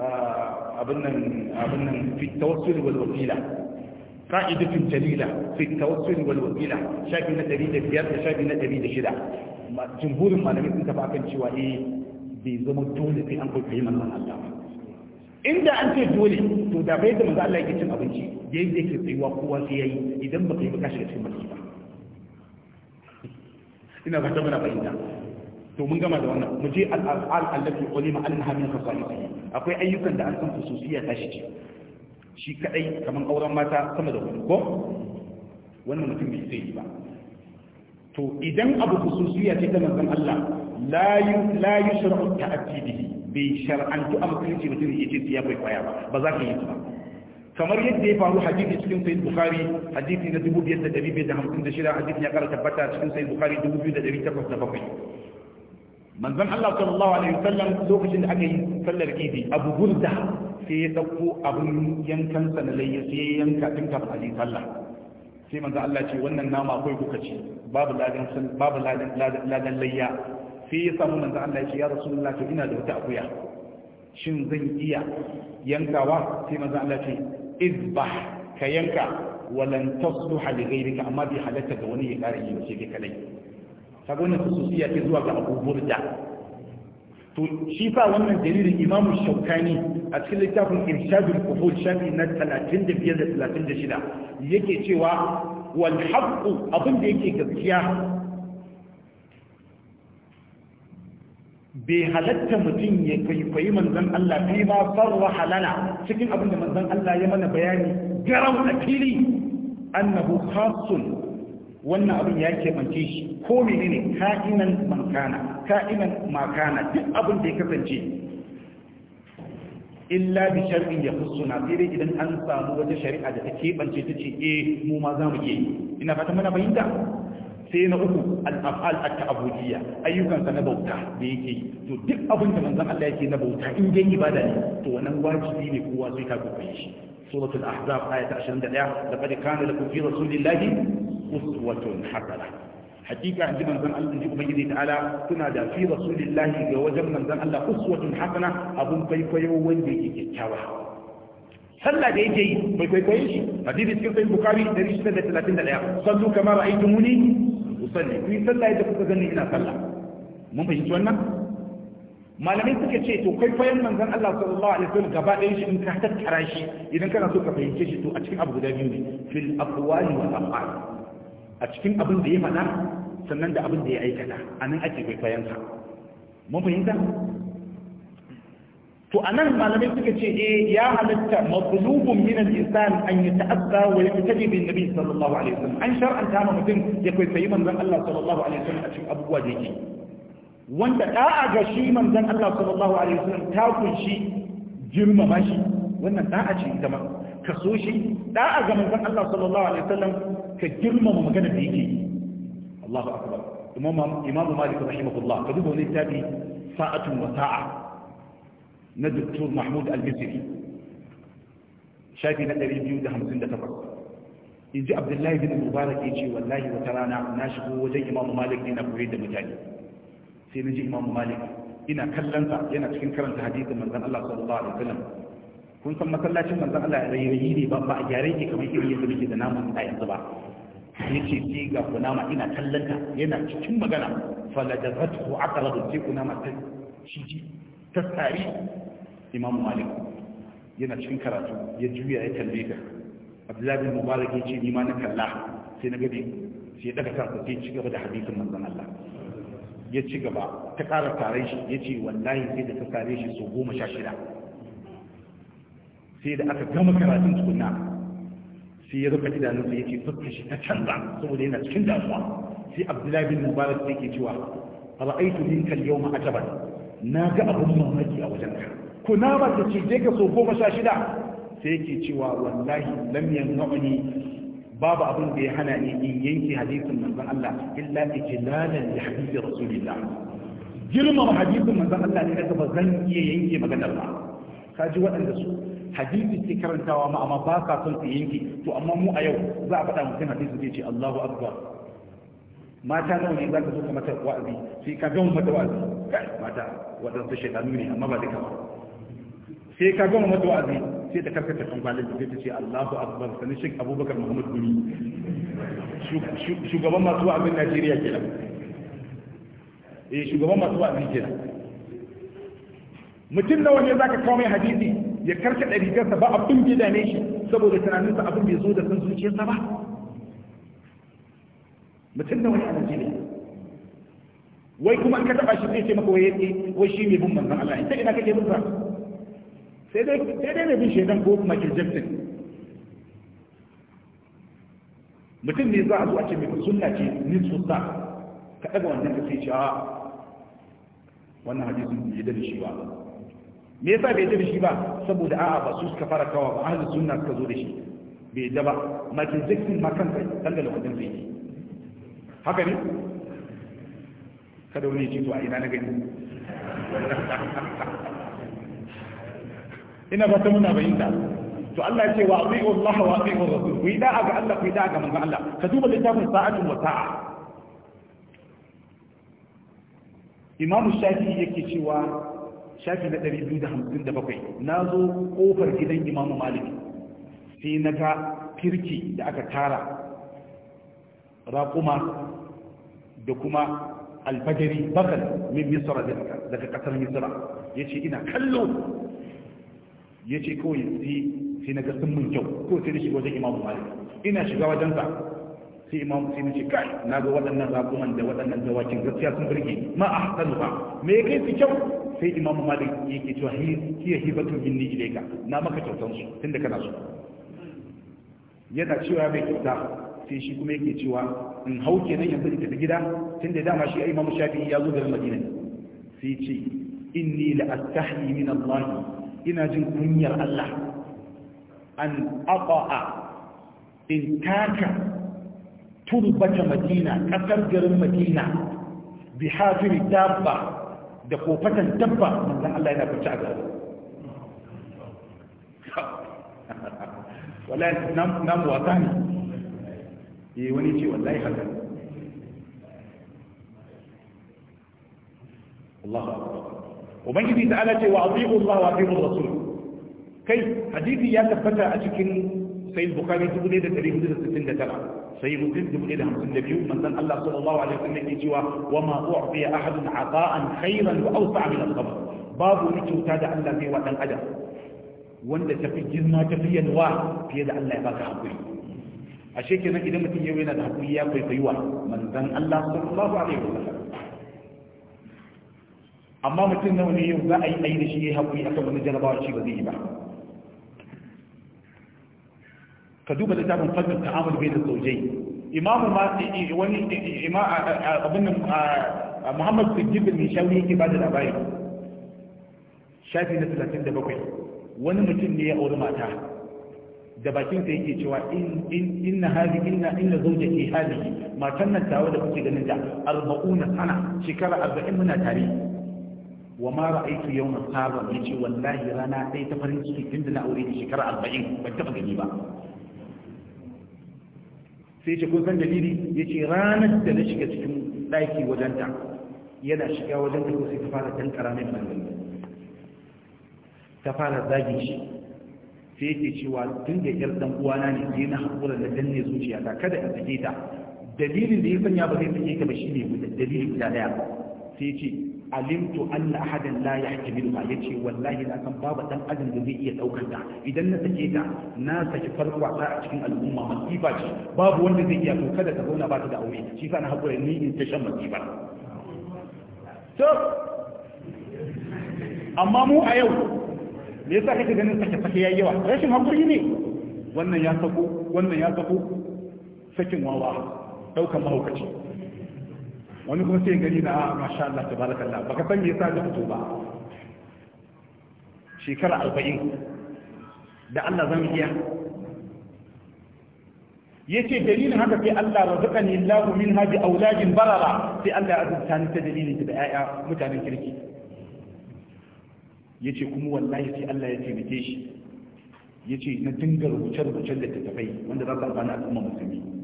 Speaker 1: ah, abin nan abin nan fi tawassul wal wasila قاعدة جليلة في التوسل والوسيلة شاكي نتريد بيار شاكي نتريد شدة جمهور المعلمين انت فاكن شوائي بزم الدولة في أنقل فيما من الله inda an ce dole to da bai da manzo Allah yake cin abinci da yake yake tsayuwa kowa sai yayi idan baka yi shiga cikin ba ina ba ta mana to mun gama da wannan mu je al allati ulima annaha min khasa'is akwai ayyukan da an san khususiyya ta shi shi kadai kaman auren mata sama da hudu ko wannan mutum bai sai ba to idan abu khususiya ce ta manzon Allah la yu la yushra'u ta'ati bihi bi shar'antu am kulli mutum yace ya bai kwaya ba ba za ka yi ba kamar yadda ya faru hadisi cikin sahih bukhari hadisi na 2556 hadisi ya kara tabbata cikin sahih bukhari 2807 manzon Allah sallallahu alaihi wasallam lokacin da aka yi sallar idi Abu Burda sai ya ɗauko abin yankansa na layya sai ya yanka ɗin kafin a je sallah sai manzo Allah ce wannan nama akwai kuka ci babu ladan babu ladan ladan layya sai ya samu manzo Allah ya ce ya rasulullah to ina da wata akuya shin zan iya yankawa sai manzo Allah ce izbah ka yanka walan tasluha li ghayrika amma bi halatta ga wani ya kare yin shi kai kadai kaga wannan khususiyya ke zuwa ga Abu Burda to shi fa wannan dalilin imamu shaukani a cikin littafin irshadul kufur shafi na 35 da 36 yake cewa wal haqqu abin da yake gaskiya bai halatta mutum ya kwaikwayi manzan Allah fi ma farwa halala cikin abin da manzan Allah ya mana bayani garau a fili annahu khasun wannan abin ya keɓance shi ko ne ka'inan mankana ka'inan makana duk abin da ya kasance illa bi shar'in ya husuna sai idan an samu wata shari'a da ta keɓance ta ce eh mu ma za mu iya yi ina fata muna fahimta sai na uku al-af'al at-ta'budiyya ayyukan sa na bauta da yake yi to duk abin da manzon Allah yake na bauta in dai ibada ne to wannan wajibi ne kowa sai ka gobe shi suratul ahzab ayat 21 laqad kana lakum fi rasulillahi uswatun hasana hakika inji manzon Allah inji ubangiji ta'ala suna da fi rasulillahi ga wajen manzon Allah uswatun hasana abun kwaikwayo wanda yake kyakkyawa sallah da yake yi bai kwaikwaye shi hadisi cikin sahih bukhari 1631 sallu kama ra'aytumuni usalli ku yi sallah yadda kuka gani ina sallah mun fahimci wannan malamai suka ce to kwaikwayon manzon Allah sallallahu alaihi wasallam gaba ɗaya shi in ka tattara shi idan kana so ka fahimce shi to a cikin abu guda biyu ne fil aqwali wal af'al a cikin abin da ya faɗa sannan da abin da ya aikata a nan ake kwaikwayensa mun fahimta to a nan malamai suka ce e ya halitta matlubun min al-insan an yata'azza wa yatabi bin nabi sallallahu alaihi wasallam an shar'anta ma mutum ya kwaikwayi manzon Allah sallallahu alaihi wasallam a cikin abubuwa da yake wanda da'a ga shi manzon Allah sallallahu alaihi wasallam ta kunshi girmama shi wannan da'a ce ita ma ka so shi da'a ga manzon Allah sallallahu alaihi wasallam ka girmama magana da yake Allahu akbar imam imam malik rahimahullah ka duba wani tabi sa'atun wa sa'a na Dr. Mahmud Al-Misri shafi na 258 in ji abdullahi bin mubarak ya ce wallahi wata rana na shigo wajen imamu malik ne na koyar da mutane sai na ji imamu malik ina kallonsa yana cikin karanta hadisin manzon Allah sallallahu alaihi wasallam kun san masallacin manzon Allah rayi ne ba a gyare ki kamar irin yadda muke da namu a yanzu ba Ya ce sai ga kunama ina ka. yana cikin magana falajazatu aqrab sai kunama ta shi ji ta tsari imamu malik yana cikin karatu ya juya ya kalle ka abdullahi bin mubarak ya ce ni ma na kalla sai na gabe sai daga kansa sai ci gaba da hadisin manzon Allah ya ci gaba ta ƙara tare shi ya ce wallahi sai da ta tare shi sau goma sha shida sai da aka gama karatun tukunna sai ya rufe idanunsa ya shi ta canza saboda yana cikin damuwa sai abdullahi bin mubarak sai ke cewa ra'aitu minka al-yawma ajaban na ga abun mamaki a wajenka ko na ba ta ce je ka so goma sha shida sai yake cewa wallahi lam yanfa'uni babu abin da ya hana ni in yanke hadisin manzon Allah illa ijlalan li hadisi rasulillah girmama hadisin manzon Allah ne kaga ba zan iya yanke maganar ba kaji waɗanda su hadisi ke karantawa ma amma ba ka son su yanke to amma mu a yau za a faɗa mutum hadisi zai ce Allahu akbar mata nawa ne za ka zo ka mata wa'azi sai ka gama mata wa'azi mata waɗansu shaidanu ne amma ba duka ba sai ka gama mata wa'azi sai ta karkata kan kwalin da ta ce Allahu akbar sani Sheikh Abubakar Muhammad Gumi shugaban masu wa'azin Najeriya ke kenan eh shugaban masu wa'azi ke kenan mutum nawa ne ka kawo mai hadisi ya karkaɗa rigarsa ba abin bai dame shi saboda tunaninsa abin bai zo da san zuciyarsa ba mutum da wani a Najeriya wai kuma in ka taɓa shi zai ce maka waye wai shi mai bin manzon Allah ita ina kake bin sa sai dai sai dai mai bin shaidan ko kuma kirjeftin mutum ne za a zo a ce mai sunna ce ni sunna ka ɗaga wannan ka sai ce a wannan hadisin ya da shi ba me yasa bai yadda shi ba saboda a'a ba su suka fara kawa ba ahlus sunna suka zo da shi bai yadda ba Michael Jackson ma kansa dangane kudin zai yi haka ne kada wani ce to a ina na gani ina fata muna bayyana to Allah ya ce wa abi'u Allah wa abi'u Rasul ku yi da'a ga Allah ku yi da'a ga manzon Allah ka duba littafin sa'atun wa sa'a Imam Shafi'i yake cewa shafi na 257 na zo kofar gidan imamu maliki sai na ga kirki da aka tara raƙuma da kuma alfajari bakal min misra daga ƙasar misra ya ce ina kallo ya ce kawai sai na ga sun mun kyau ko sai na shiga wajen imamu maliki ina shiga wajensa sai imam sai mace kai na ga waɗannan raguman da waɗannan dawakin gaskiya sun burge ma a hasanu ba me ya kai su kyau sai imam malik yake cewa hiya hibatun minni ilaika na maka kyautan su tunda kana so yana cewa bai kyauta sai shi kuma yake cewa in hau kenan yanzu in tafi gida tunda dama shi ai imam shafi'i ya zo garin madina sai ce inni la astahi min allah ina jin kunyar allah an aqa'a in taka turbata madina ƙasar garin madina bi hafiri dabba da kofatan dabba manzan Allah yana kwanci a gaba wala na muwata ne yi wani ce wallahi haka Allah ubangiji ta ala ce wa azi'u Allah wa azi'u rasul kai hadisi ya tabbata a cikin sai bukari dubu ɗaya da dari hudu da sittin da tara sai muslim dubu ɗaya da hamsin da biyu manzon Allah sallallahu alaihi wasallam yake cewa wa ma u'tiya ahadun ata'an khairan wa awsa'a min al-qabr babu wani kyauta da Allah zai wa dan adam wanda ta fi girma tafi yalwa fiye da Allah ya baka hakuri ashe kenan idan mutum yau yana da hakuri ya kwaikwayi wa manzan Allah sallallahu alaihi wa sallam amma mutum nawa ne yau za a yi ayi da shi ya yi hakuri akan wani jarabawa shi ba zai yi ba ka duba littafin fannin ta'amul bai da zaujai imamu ma wani abin nan muhammad sujjib mai shawi yake ba da labari shafi na 37 wani mutum ne ya auri mata da bakin sa yake cewa in in inna hadi inna inna zawjati hadi matan nan tawa da kuke ganin ta na sana shekara arba'in muna tare wa ma yau na yawman ya ce wallahi rana ɗaya ta farin ciki tunda na aure shekara arba'in? ban taɓa gani ba sai ce kun san dalili ya ce ranar da na shiga cikin ɗaki wajenta yana shiga wajen ta sai ta fara ɗan ƙaramin ɓangare ta fara zagi shi sai ke cewa tun da yar dan uwana ne sai na haƙura da danne zuciya ta kada in sake ta dalilin da ya sanya ba zai sake ta ba shi ne dalilin guda ɗaya sai ce alimtu anna ahadan la yahtamiluha yace wallahi na san babu dan adam da zai iya daukar ta idan na sake ta na saki farko ta a cikin al'umma masifa ce babu wanda zai iya to kada ta zauna ba ta da aure shi sa na hakura ni in ta shan masifa to amma mu a yau me yasa kake ganin sake sake yayi yawa rashin hakuri ne wannan ya sako wannan ya sako sakin wawa daukan mahaukaci wani kuma sai gari na ah, masha Allah ta baraka Allah, baka san me yasa da fito ba shekara arba'in da Allah zan iya yace dalilin haka sai Allah razaqani Allahu min hadi auladin barara sai Allah ya azurta ni ta dalilin da ƴaƴa mutanen kirki yace kuma wallahi sai Allah ya taimake shi yace na dinga rubuce-rubucen da tafai wanda za su amfani al'umma musulmi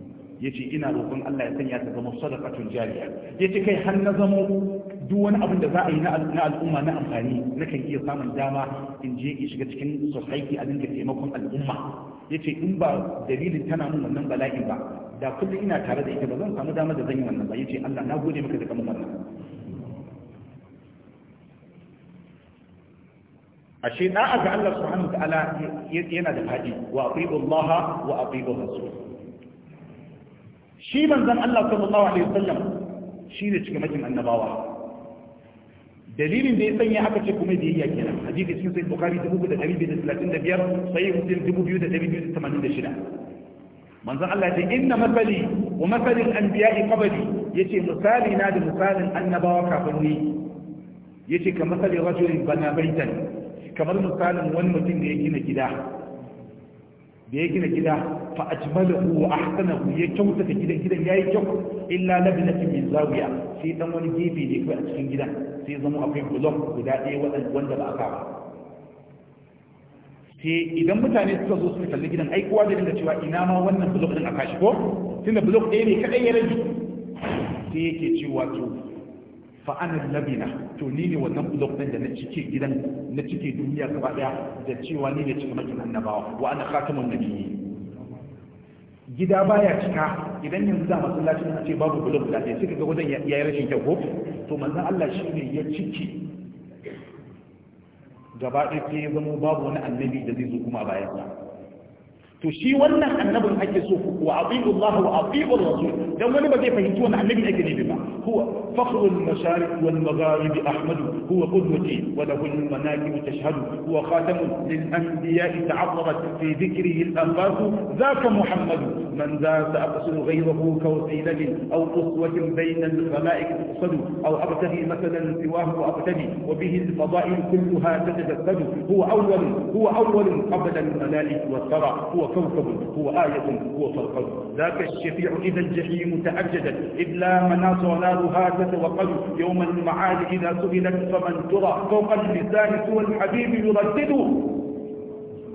Speaker 1: yace ina roƙon Allah ya sanya ta zama sadaqatun jariya yace kai har na zamo duk wani abin da za a yi na al'umma na amfani nakan iya samun dama in je in shiga cikin society a dinga taimakon al'umma yace in ba dalilin tana mun wannan bala'in ba da kullum ina tare da ita ba zan samu dama da zan yi wannan ba yace Allah na gode maka da kamar wannan ashe da'a ga Allah subhanahu wa ta'ala yana da fadi wa aqibu Allah wa aqibu rasul shi manzon Allah sallallahu alaihi wasallam cika makin annabawa dalilin da ya sanya aka ce kuma biyayya kenan hadisi cikin sai bukari 2235 sai muslim 2286 manzon Allah ya ce inna matsali wa an masalin anbiya'i ya ce misali na da misalin annabawa kafin ni ce ka masali rajulin bana baitan kamar misalin wani mutum da ya gina gida da ya gina gida fa ajmalahu wa ya kyautata gidan gidan yayi kyau illa labinatin min zawiya sai dan wani gefe ne kai a cikin gidan sai zama akwai block guda ɗaya wanda ba a ba sai idan mutane suka zo suka kalli gidan ai kowa da dinga cewa ina ma wannan block din a kashi ko tunda block ɗaya ne kadai ya rage sai yake cewa to fa ana labina to ni ne wannan blok din da na cike gidan na cike duniya gaba daya da cewa ni ne cikin makin annabawa wa ana khatamun nabiyyi gida baya cika idan yanzu da masallacin a ce babu blok da sai kaga wajen ya yi rashin kyau ko to manzon Allah shi ne ya cike gaba ɗaya sai ya zama babu wani annabi da zai zo kuma baya. bayan sa to shi wannan annabin ake so wa atiu Allah wa atiu Rasul dan wani ba zai fahimci wannan annabi ake ne ba huwa fakhrul masharik wal magharib ahmad huwa qudwati wa lahu al manaqib tashhadu huwa khatamun lil anbiya ta'arrabat fi dhikrihi al anfas ذاك محمد من ذا سأقصد غيره كوسيلة أو قصوة بين الخلائق تقصد أو أبتغي مثلا سواه وأبتغي وبه الفضائل كلها تتجسد هو أول هو أول قبل الملائكة والثرى هو كوكب هو آية هو فرق ذاك الشفيع إذا الجحيم تأجدت إذ لا مناص رهاة تتوقد يوم المعاد إذا سئلت فمن ترى فوق اللسان سوى الحبيب يردد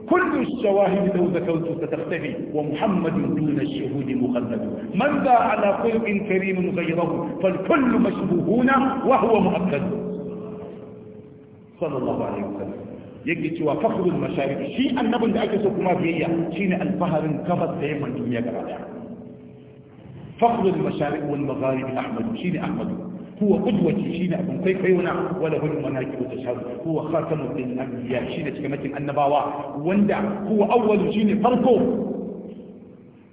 Speaker 1: كل الشواهد لو ذكرت ستختفي ومحمد دون الشهود مخلد من ذا على قلب كريم غيره فالكل مشبوهون وهو مؤكد صلى الله عليه وسلم يجي توا فخر المشارك شيء النبي ذاك سوق ما فيه شيء الفهر كبت دائما الدنيا فخر المشارك والمغارب احمد شيء احمد هو قدوة شين أبن كيف يونا وله المناكب تشهد هو خاتم الأنبياء شين كمة النباوة واندع هو أول شين فرقه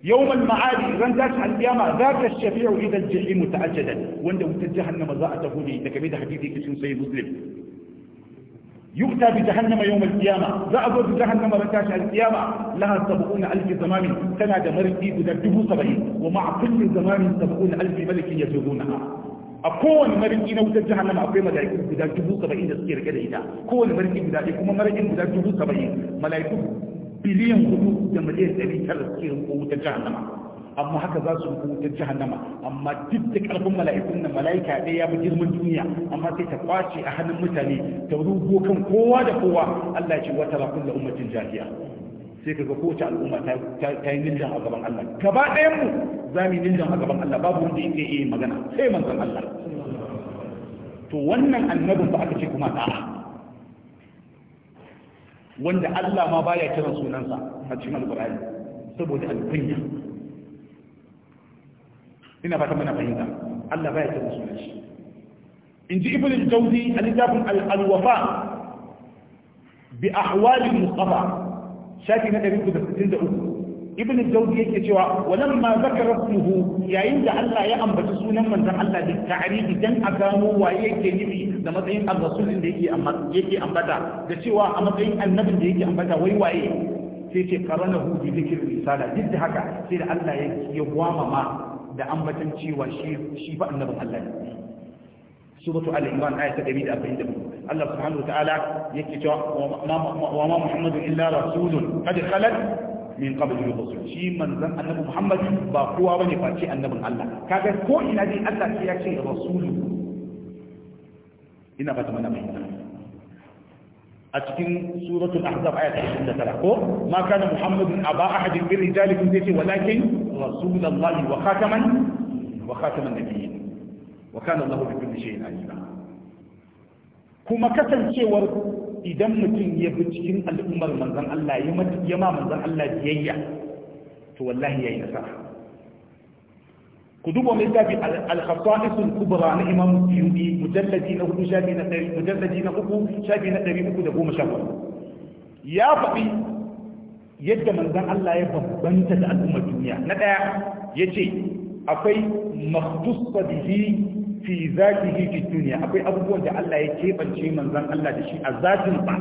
Speaker 1: يوم المعاد رنداش على القيامة ذاك الشفيع إذا الجحيم تعجدا واندع جهنم زاءته لي لكميد حديثي كسن سيد مسلم يؤتى بجهنم يوم القيامة لا جهنم بجهنم رتاش القيامة لها سبعون ألف زمان تنادى مرئي ذا سبعين ومع كل زمان سبعون ألف ملك يزورونها a kowane mariki na wutar jahannama akwai mala'iku guda dubu saba'in da suke rike da ita kowane mariki guda ɗaya kuma marikin guda dubu saba'in mala'iku biliyan hudu da miliyan ɗari tara suke rike wutar jahannama amma haka za su rike wutar jahannama amma duk da ƙarfin mala'ikun nan mala'ika ɗaya ya fi girman duniya amma sai ta kwace a hannun mutane ta rugo kan kowa da kowa Allah ya ce wata rakun da ummatin jahiya sai kaga kowace al'umma ta yi ninjan a gaban Allah gaba ɗayan mu za mu yi ninjan a gaban Allah babu wanda yake iya magana sai manzon Allah to wannan annabin ba aka ce kuma da'a wanda Allah ma baya kiran sunansa a cikin alƙur'ani saboda alƙunya ina fata muna fahimta Allah baya kiran sunan in ji ibn al-jawzi a littafin al-wafa bi ahwali mustafa shafi na 363 ibn jawzi yake cewa walam ma zakara yayin da Allah ya ambaci sunan manzon Allah da ta'rifi dan a gano waye yake nufi da matsayin ar da yake yake ambata da cewa a matsayin annabin da yake ambata wai waye sai ce karanahu bi dhikr risala duk da haka sai da Allah ya gwamama da ambatan cewa shi shi fa annabin Allah ne suratu al-imran ayat 144 Allah subhanahu wa ta'ala yake cewa wa ma muhammadun illa rasulun qad khalat min qabl rusul shi manzon annabi muhammad ba kowa bane face annabin Allah kaga ko ina dai Allah ya ce ina ba ta mana a cikin suratul ahzab ayat 29 ko ma kana muhammadun aba ahadin min rijalikum yace walakin rasulullahi wa khataman wa khataman nabiyyin wa kana Allahu bi kulli shay'in alima kuma kasancewar idan mutum ya bi cikin al'ummar manzon Allah ya ma manzon Allah biyayya to wallahi yayi nasara ku duba mai tafi al-khata'is na Imam Suyuti mujalladi na 4 shafi na 100 mujalladi na 3 shafi na ya faɗi yadda manzon Allah ya babbanta da al'ummar duniya na ya ce akwai makhtusa fi zatihi fi duniya akwai abubuwan da Allah ya kebance manzon Allah da shi a zatin ba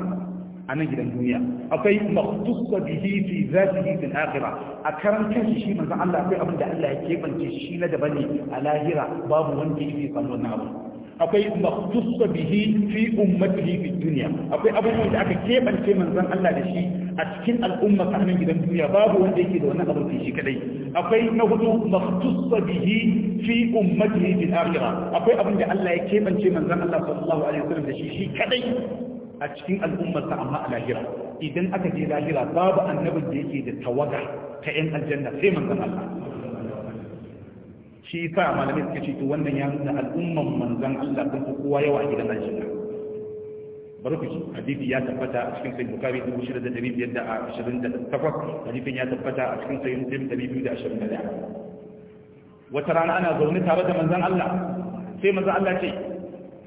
Speaker 1: a nan gidan duniya akwai makhtusa bihi fi zatihi fil akhirah a karantar shi manzon Allah akwai abin da Allah ya kebance shi na daban ne a lahira babu wanda yake samu wannan akwai makhtusa bihi fi ummatihi fi duniya akwai abubuwan da aka kebance manzon Allah da shi a cikin al'umma ta gidan duniya babu wanda yake da wannan abin shi kadai akwai na hudu maktusa bihi fi ummatihi bil akhirah akwai abin da Allah ya kebance manzon Allah sallallahu alaihi wasallam da shi shi kadai a cikin al'ummarsa amma a lahira idan aka je lahira babu annabin da yake da tawaga ta yan aljanna sai manzon Allah shi sa malamai suka ce to wannan ya nuna al'umman manzon Allah sun kowa yawa a gidan aljanna barkuci hadisi ya tabbata a cikin sahih bukhari 6528 hadisin ya tabbata a cikin sahih muslim 2221 wata rana ana zaune tare da manzan Allah sai manzon Allah ce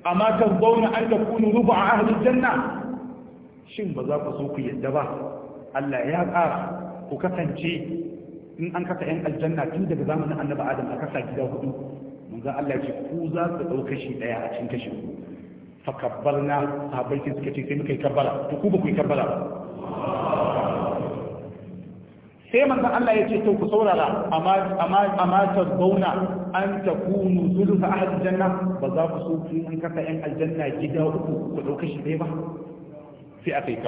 Speaker 1: amma kan zaune an ta kunu rubu a ahlul janna shin ba za ku so ku yadda ba Allah ya ƙara ku kasance in an kasa yan aljanna tun daga zamanin annabi adam a kasa gida hudu Manzan Allah ce ku za ku ɗau kashi ɗaya a cikin kashi hudu fakabbar na sahabbai sai ce sai muka yi kabbara ku ba ku yi kabbara ba sai manzon Allah ya ce to ku saurara amma amma amma tazbauna an takunu thulutha ahad janna ba za ku so ku an kasa yan aljanna gida uku ku shi ba sai aka yi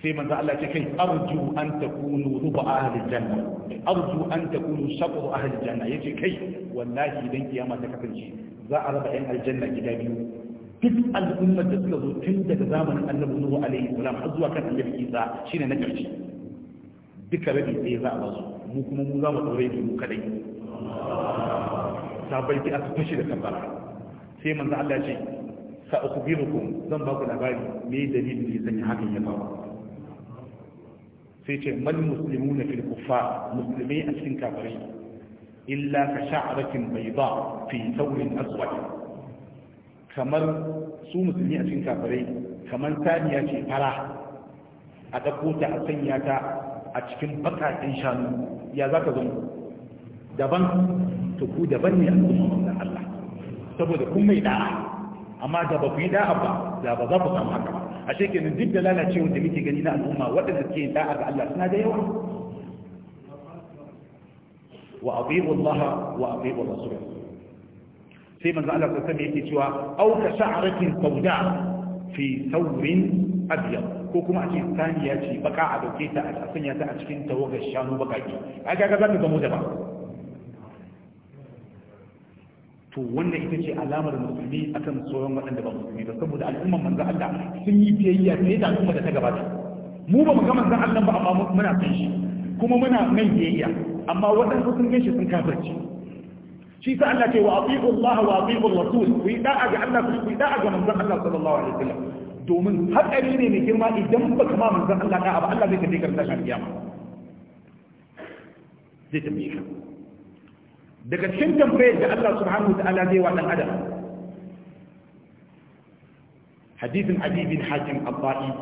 Speaker 1: sai manzo Allah ce kai arju an takunu rubu ahli janna arju an takunu shaqru ahli janna yace kai wallahi idan kiyama ta kasance za a raba yan aljanna gida biyu duk al'ummar da suka zo tun daga zamanin annabi nuhu alaihi salam har zuwa kan annabi isa shine na karshe duka rabi sai za a basu mu kuma mu za mu daure da mu kadai sabai ki aka fushi da kafara sai manzo Allah ce sa ukhbirukum zan ba ku labari me dalilin da sanya hakan ya faru sai ce mal muslimuna fil kuffar musulmai a cikin kafirai illa ka sha'aratin ba fi thawrin aswad kamar su musulmi a cikin kafirai kamar saniya ce fara a dauko ta a sanya ta a cikin bakakin shanu ya za ka zama daban to ku daban ne a cikin Allah saboda kun mai da'a amma da ba ku yi da'a ba da ba za ku samu haka ba a shekarun duk da lalacewa da muke gani na al'umma waɗanda ke da'a ga Allah suna da yawa wa abibu Allah wa abibu Rasul sai manzo Allah ko sai yake cewa au ka sha'ratin sauda fi thawrin abyad ko kuma a ce saniya ce baka a dauke ta a sanya ta a cikin tawagar shanu bakaki a ga ga zaka gamo da ba to wannan ita ce alamar musulmi akan sauran waɗanda ba musulmi ba saboda al'ummar manzan Allah sun yi biyayya fiye da al'ummar da ta gabata mu ba mu ga manzan Allah ba amma muna san shi kuma muna mai biyayya amma waɗansu sun gan shi sun kafirci shi sa Allah ce wa atiqu Allah wa atiqu Rasul ku yi da'a ga Allah ku yi da'a ga manzan Allah sallallahu alaihi wasallam domin hatsari ne mai girma idan baka ma manzan Allah da'a ba Allah zai ka je karanta shi kiyama zai tambaye ka daga cikin tambayar da Allah subhanahu wa ta'ala zai wa dan adam hadisin abi bin hakim abba'i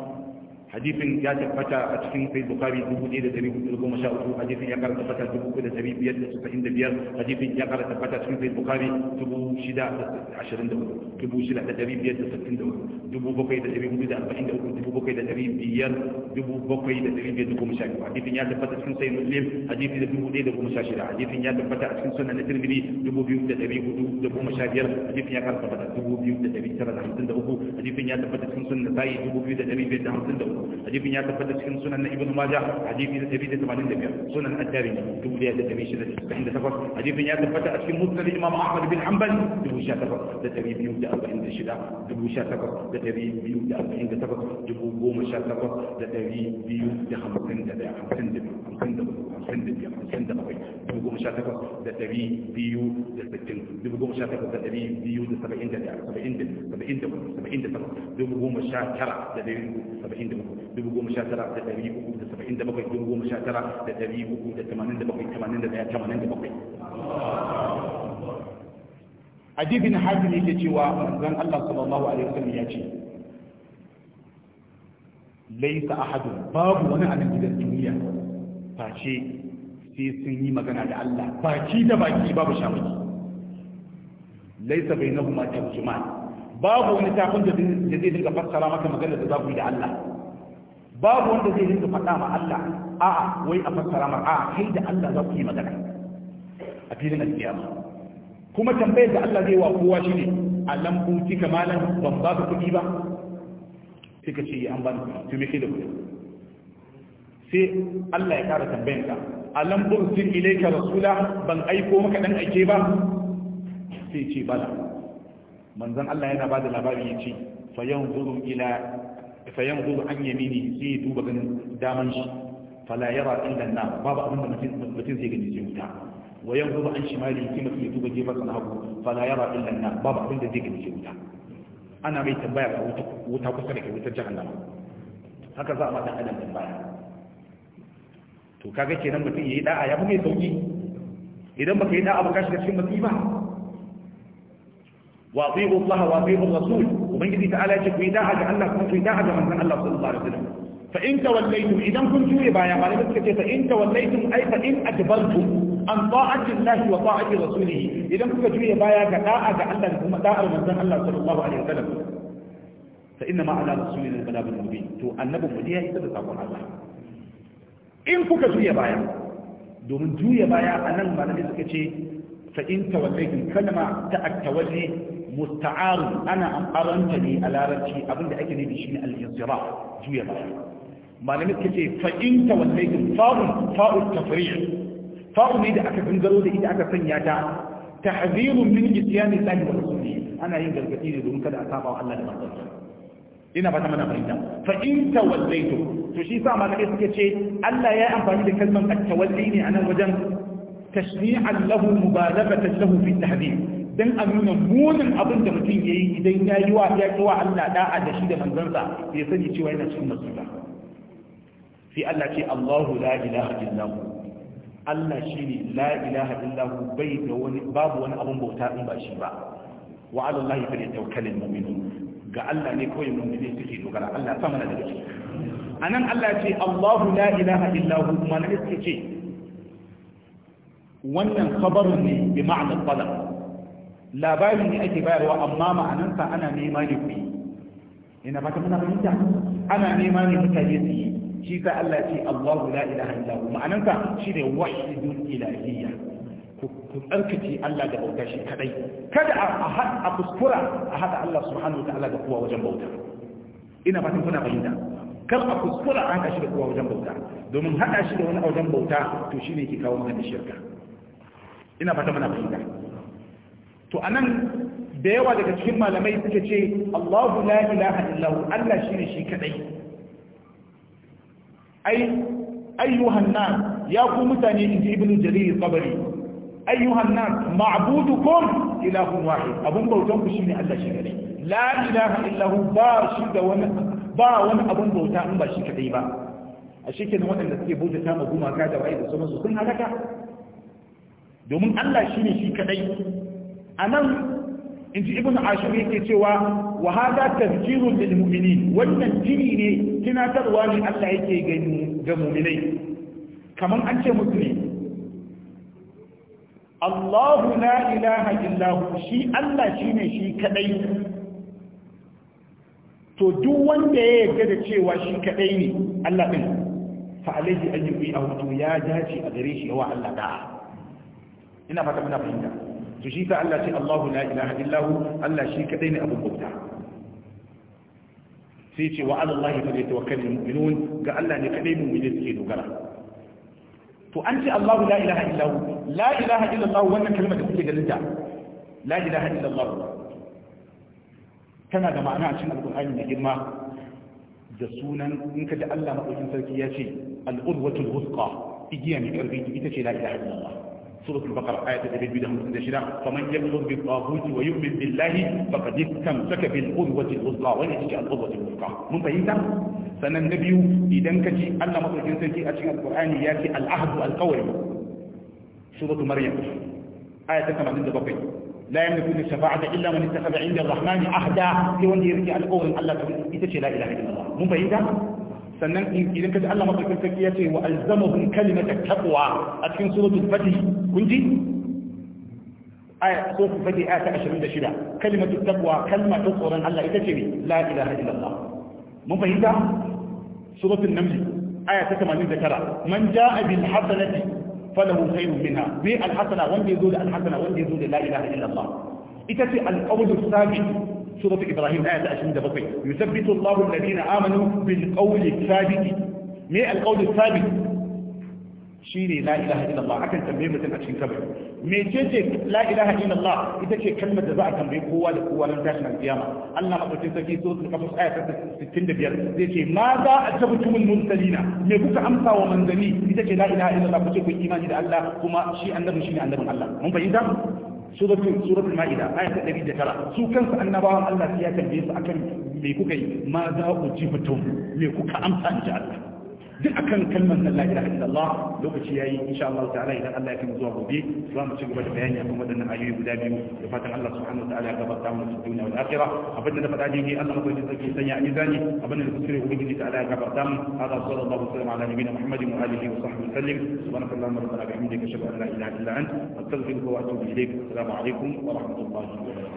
Speaker 1: hadisin ya tabbata a cikin sai bukari dubu ɗaya da dari hudu goma sha uku hadisin ya kara tabbata dubu uku da dari biyar da saba'in da biyar hadisin ya kara tabbata cikin sai bukari dubu shida da ashirin da hudu dubu shida da dari biyar da sittin da hudu dubu bakwai da dari hudu da arba'in da uku dubu bakwai da dari biyar dubu bakwai da dari biyar da goma sha biyu hadisin ya tabbata cikin sai muslim hadisi da dubu ɗaya da goma sha shida hadisin ya tabbata a cikin sunan na tirmidhi dubu biyu da dari hudu da goma sha biyar hadisin ya kara tabbata dubu biyu da dari tara da hamsin da uku hadisin ya tabbata cikin sunan na sa'i dubu biyu da dari biyar da hamsin da uku hadisin ya tabbata cikin sunan na ibnu majah hadisi da 185 sunan ad-darimi dubu da 168 hadisin ya tabbata a cikin musnad imam ahmad bin hanbal dubu 18 da 246 dubu 18 da 248 dubu 18 da 251 da 55 dubu sha takwas da ɗari biyu da sittin dubu goma sha takwas da ɗari biyu da saba'in da saba'in da saba'in da saba'in da dubu goma sha tara da ɗari saba'in da dubu goma sha tara da ɗari uku da saba'in da bakwai dubu goma sha tara da ɗari uku da tamanin da bakwai tamanin da daya tamanin da bakwai hadith bin hajji ke cewa manzon Allah sallallahu alaihi wasallam ya ce laisa ahadun babu wani a gidan duniya face sai sun yi magana da Allah baki da baki babu shamaki laisa bainahuma tarjuman babu wani tafin da zai dinga fassara maka magana da za ku yi da Allah babu wanda zai rinka faɗa ma Allah a'a wai a fassara ma a'a kai da Allah za ku yi magana a filin alkiyama kuma tambayar da Allah zai wa kowa shine alam uti malam ban ba ka kuɗi ba sai ka ce eh, an bani. to me kai da kuɗi sai Allah ya kara tambayar ka A alam ursil ilayka rasula ban aiko maka dan aike ba sai ce bala manzon Allah yana ba bada labari yace fayanzuru ila فيمضض عن يمينه سي دوبا دامن فلا يرى الا النار بابا ابن متين زي غني سي متا ويمضض عن شماله كما في دوبا جيبا صنعه فلا يرى الا النار بابا ابن zai gani سي wuta. ana mai tambaya ga wuta kusa da ke wutar jahannama haka za a mata adam tambaya to kaga kenan mutum yi da'a ya fi mai sauki idan baka yi da'a baka shiga cikin musiba wa atiiu Allah wa atiiu Rasul ubangiji ta ala ce ku yi da'a ga Allah kuma ku yi da'a ga manzon Allah sallallahu alaihi wasallam fa in tawallaytum idan kun juye baya malamai suka ce fa in tawallaytum ay fa in adbartum an ta'ati Allah wa ta'ati rasulih idan kuka juye baya ga da'a ga Allah da kuma da'ar manzon Allah sallallahu alaihi wasallam fa inna ma ala rasulina al-balagh al-mubin to annabi mu ya isa da sakon Allah in kuka juye baya domin juye baya anan malamai suka ce fa in tawallaytum kalma ta at-tawalli musta'aru ana amfaranta ne a larabci abinda ake nufi shine al-inzira juya baya malami suka ce fa in tawallaytum fa'un fa'u tafri' fa'u ne da aka gangaro da ita aka sanya ta tahdhirun min isyani Allah wa rasulihi ana yin gargadi ne domin kada a saba wa Allah da manzonsa ina ba ta mana fahimta fa in tawallaytum to shi sa malami suka ce Allah ya amfani da kalmar at-tawalli ne a nan wajen tashri'an lahu mubalaghatan lahu fi at-tahdhir don a nuna munin abin da mutum ya yi idan ya yi wa ya ƙi wa Allah da'a da shi da manzansa bai sani cewa yana cikin masifa sai Allah ce Allahu la ilaha illahu Allah shi ne la ilaha illahu bai da wani babu wani abin bauta in ba shi ba wa ala Allah falyatawakkalul mu'minun ga Allah ne kawai mu'mini suke dogara Allah ya mana daga ciki anan Allah ce Allahu la ilaha illahu malamai na ce wannan khabarin ne bi ma'anar talab Labarin ne ake bayarwa amma ma'anansa ana nema ne ku yi ina fata muna fahimta ana nema ne mutane su yi shi sa Allah ce Allahu la ilaha illa hu ma'anansa shine wahidul ilahiyya ku tsarkace Allah da bauta shi kadai kada a kuskura a hada Allah subhanahu wataala da kowa wajen bauta ina fatan kuna fahimta kar a kuskura a hada shi da kowa wajen bauta domin haɗa shi da wani wajen bauta to shine ke kawo mana shirka ina fata muna fahimta to anan da yawa daga cikin malamai suka ce Allahu la ilaha illahu Allah shine shi kadai ai ayyuhan nas ya ku mutane inji ibnu jarir qabri ayyuhan nas ma'budukum ilahun wahid abun bautan ku shine Allah shi kadai la ilaha illahu ba shi da wani ba wani abun bauta in ba shi kadai ba a shekenan waɗanda suke bauta ta maguma ka da wai da sauransu sun halaka domin Allah shine shi kadai anan in ibn Ashiru yake cewa wa hada tazkirun lil mu'minin wannan jini ne tunatarwa ne Allah yake ga mu'minai kaman an ce musu ne Allahu la ilaha illa hu shi Allah shine shi kadai to duk wanda ya yarda da cewa shi kadai ne Allah din fa alaihi an yubi a ya dace a gare shi yawa Allah da ina fata muna fahimta to shi ta Allah ce Allahu la ilaha illahu Allah shi kadai ne abun bauta sai ce wa ala Allah fa yatawakkalul mu'minun ga Allah ne kadai mu'mini suke dogara to an ce Allahu la ilaha illahu la ilaha illa illallah wannan kalmar da kuke ganin ta la ilaha illa illallah tana da ma'ana a cikin alqur'ani da girma da sunan in ka da Allah madaukin sarki ya ce al-urwatul wuthqa igiya mai karfi ita ce la ilaha illallah سورة البقرة آية تدريب بدا مسلم الشراء فمن يكفر بالطاغوت ويؤمن بالله فقد استمسك بالقوة الوثقى ولتجي القوة الوثقى من فهمت؟ سنة النبي إذا كجي ألا مطلق إنسان في أشياء القرآن ياتي العهد القوي سورة مريم آية 87 لا يملك الشفاعة إلا من اتخذ عند الرحمن عهدا في وندي يرجع القول الله ita ce la ilaha illallah mun fahimta sannan idan kaji Allah madaukakin sarki ya ce wa alzamahum kalimata taqwa a cikin suratul fatih kun ji aya suratul fatih aya ta 26 kalimatu taqwa kalma ta tsoron Allah ita ce ne la ilaha illallah mun fahimta suratul naml aya ta 89 man jaa bil hasanati falahu khayrun minha bi al hasana wanda yazo da al hasana wanda yazo da la ilaha illallah ita ce al qawlu sabit سورة إبراهيم آية 27 يثبت الله الذين آمنوا بالقول الثابت ما القول الثابت شيني لا إله إلا الله أكن تنبيه مثل أكشن كبير ميتيتك لا إله إلا الله إذا كي كلمة دباء تنبيه قوة لقوة لم تاشنا القيامة الله أقول تنسكي سورة القصص آية 60 بيار ذيكي ماذا أجبتم المرسلين ميكوك أمسى ومنزلي إذا كي لا إله إلا الله كتب إيمان إلى الله كما شيء أنه شيء أنه الله من فإذا suratul suratul maida aya ta 109 su kansu annabawan Allah sai ya tambaye su akan me kuka yi ma za ku jibtum me kuka amsa in ji Allah duk akan kalmar la ilaha illallah lokaci yayi insha Allah ta'ala idan Allah ya kai zuwa gobe za mu ci gaba da bayani akan waɗannan ayoyi guda biyu da fatan Allah subhanahu wa ta'ala ya gabarta mu cikin duniya wal akhirah abin da faɗa ne Allah madaukakin sarki sanya a mizani abin da kuskure ubangiji ta'ala ya gabarta mu hada sallallahu alaihi wa sallam ala nabiyina muhammadin wa alihi wa sahbihi sallim subhanakallahumma rabbana bihamdika ashhadu an la ilaha illa anta astaghfiruka wa atubu ilaik assalamu alaikum wa rahmatullahi wa barakatuh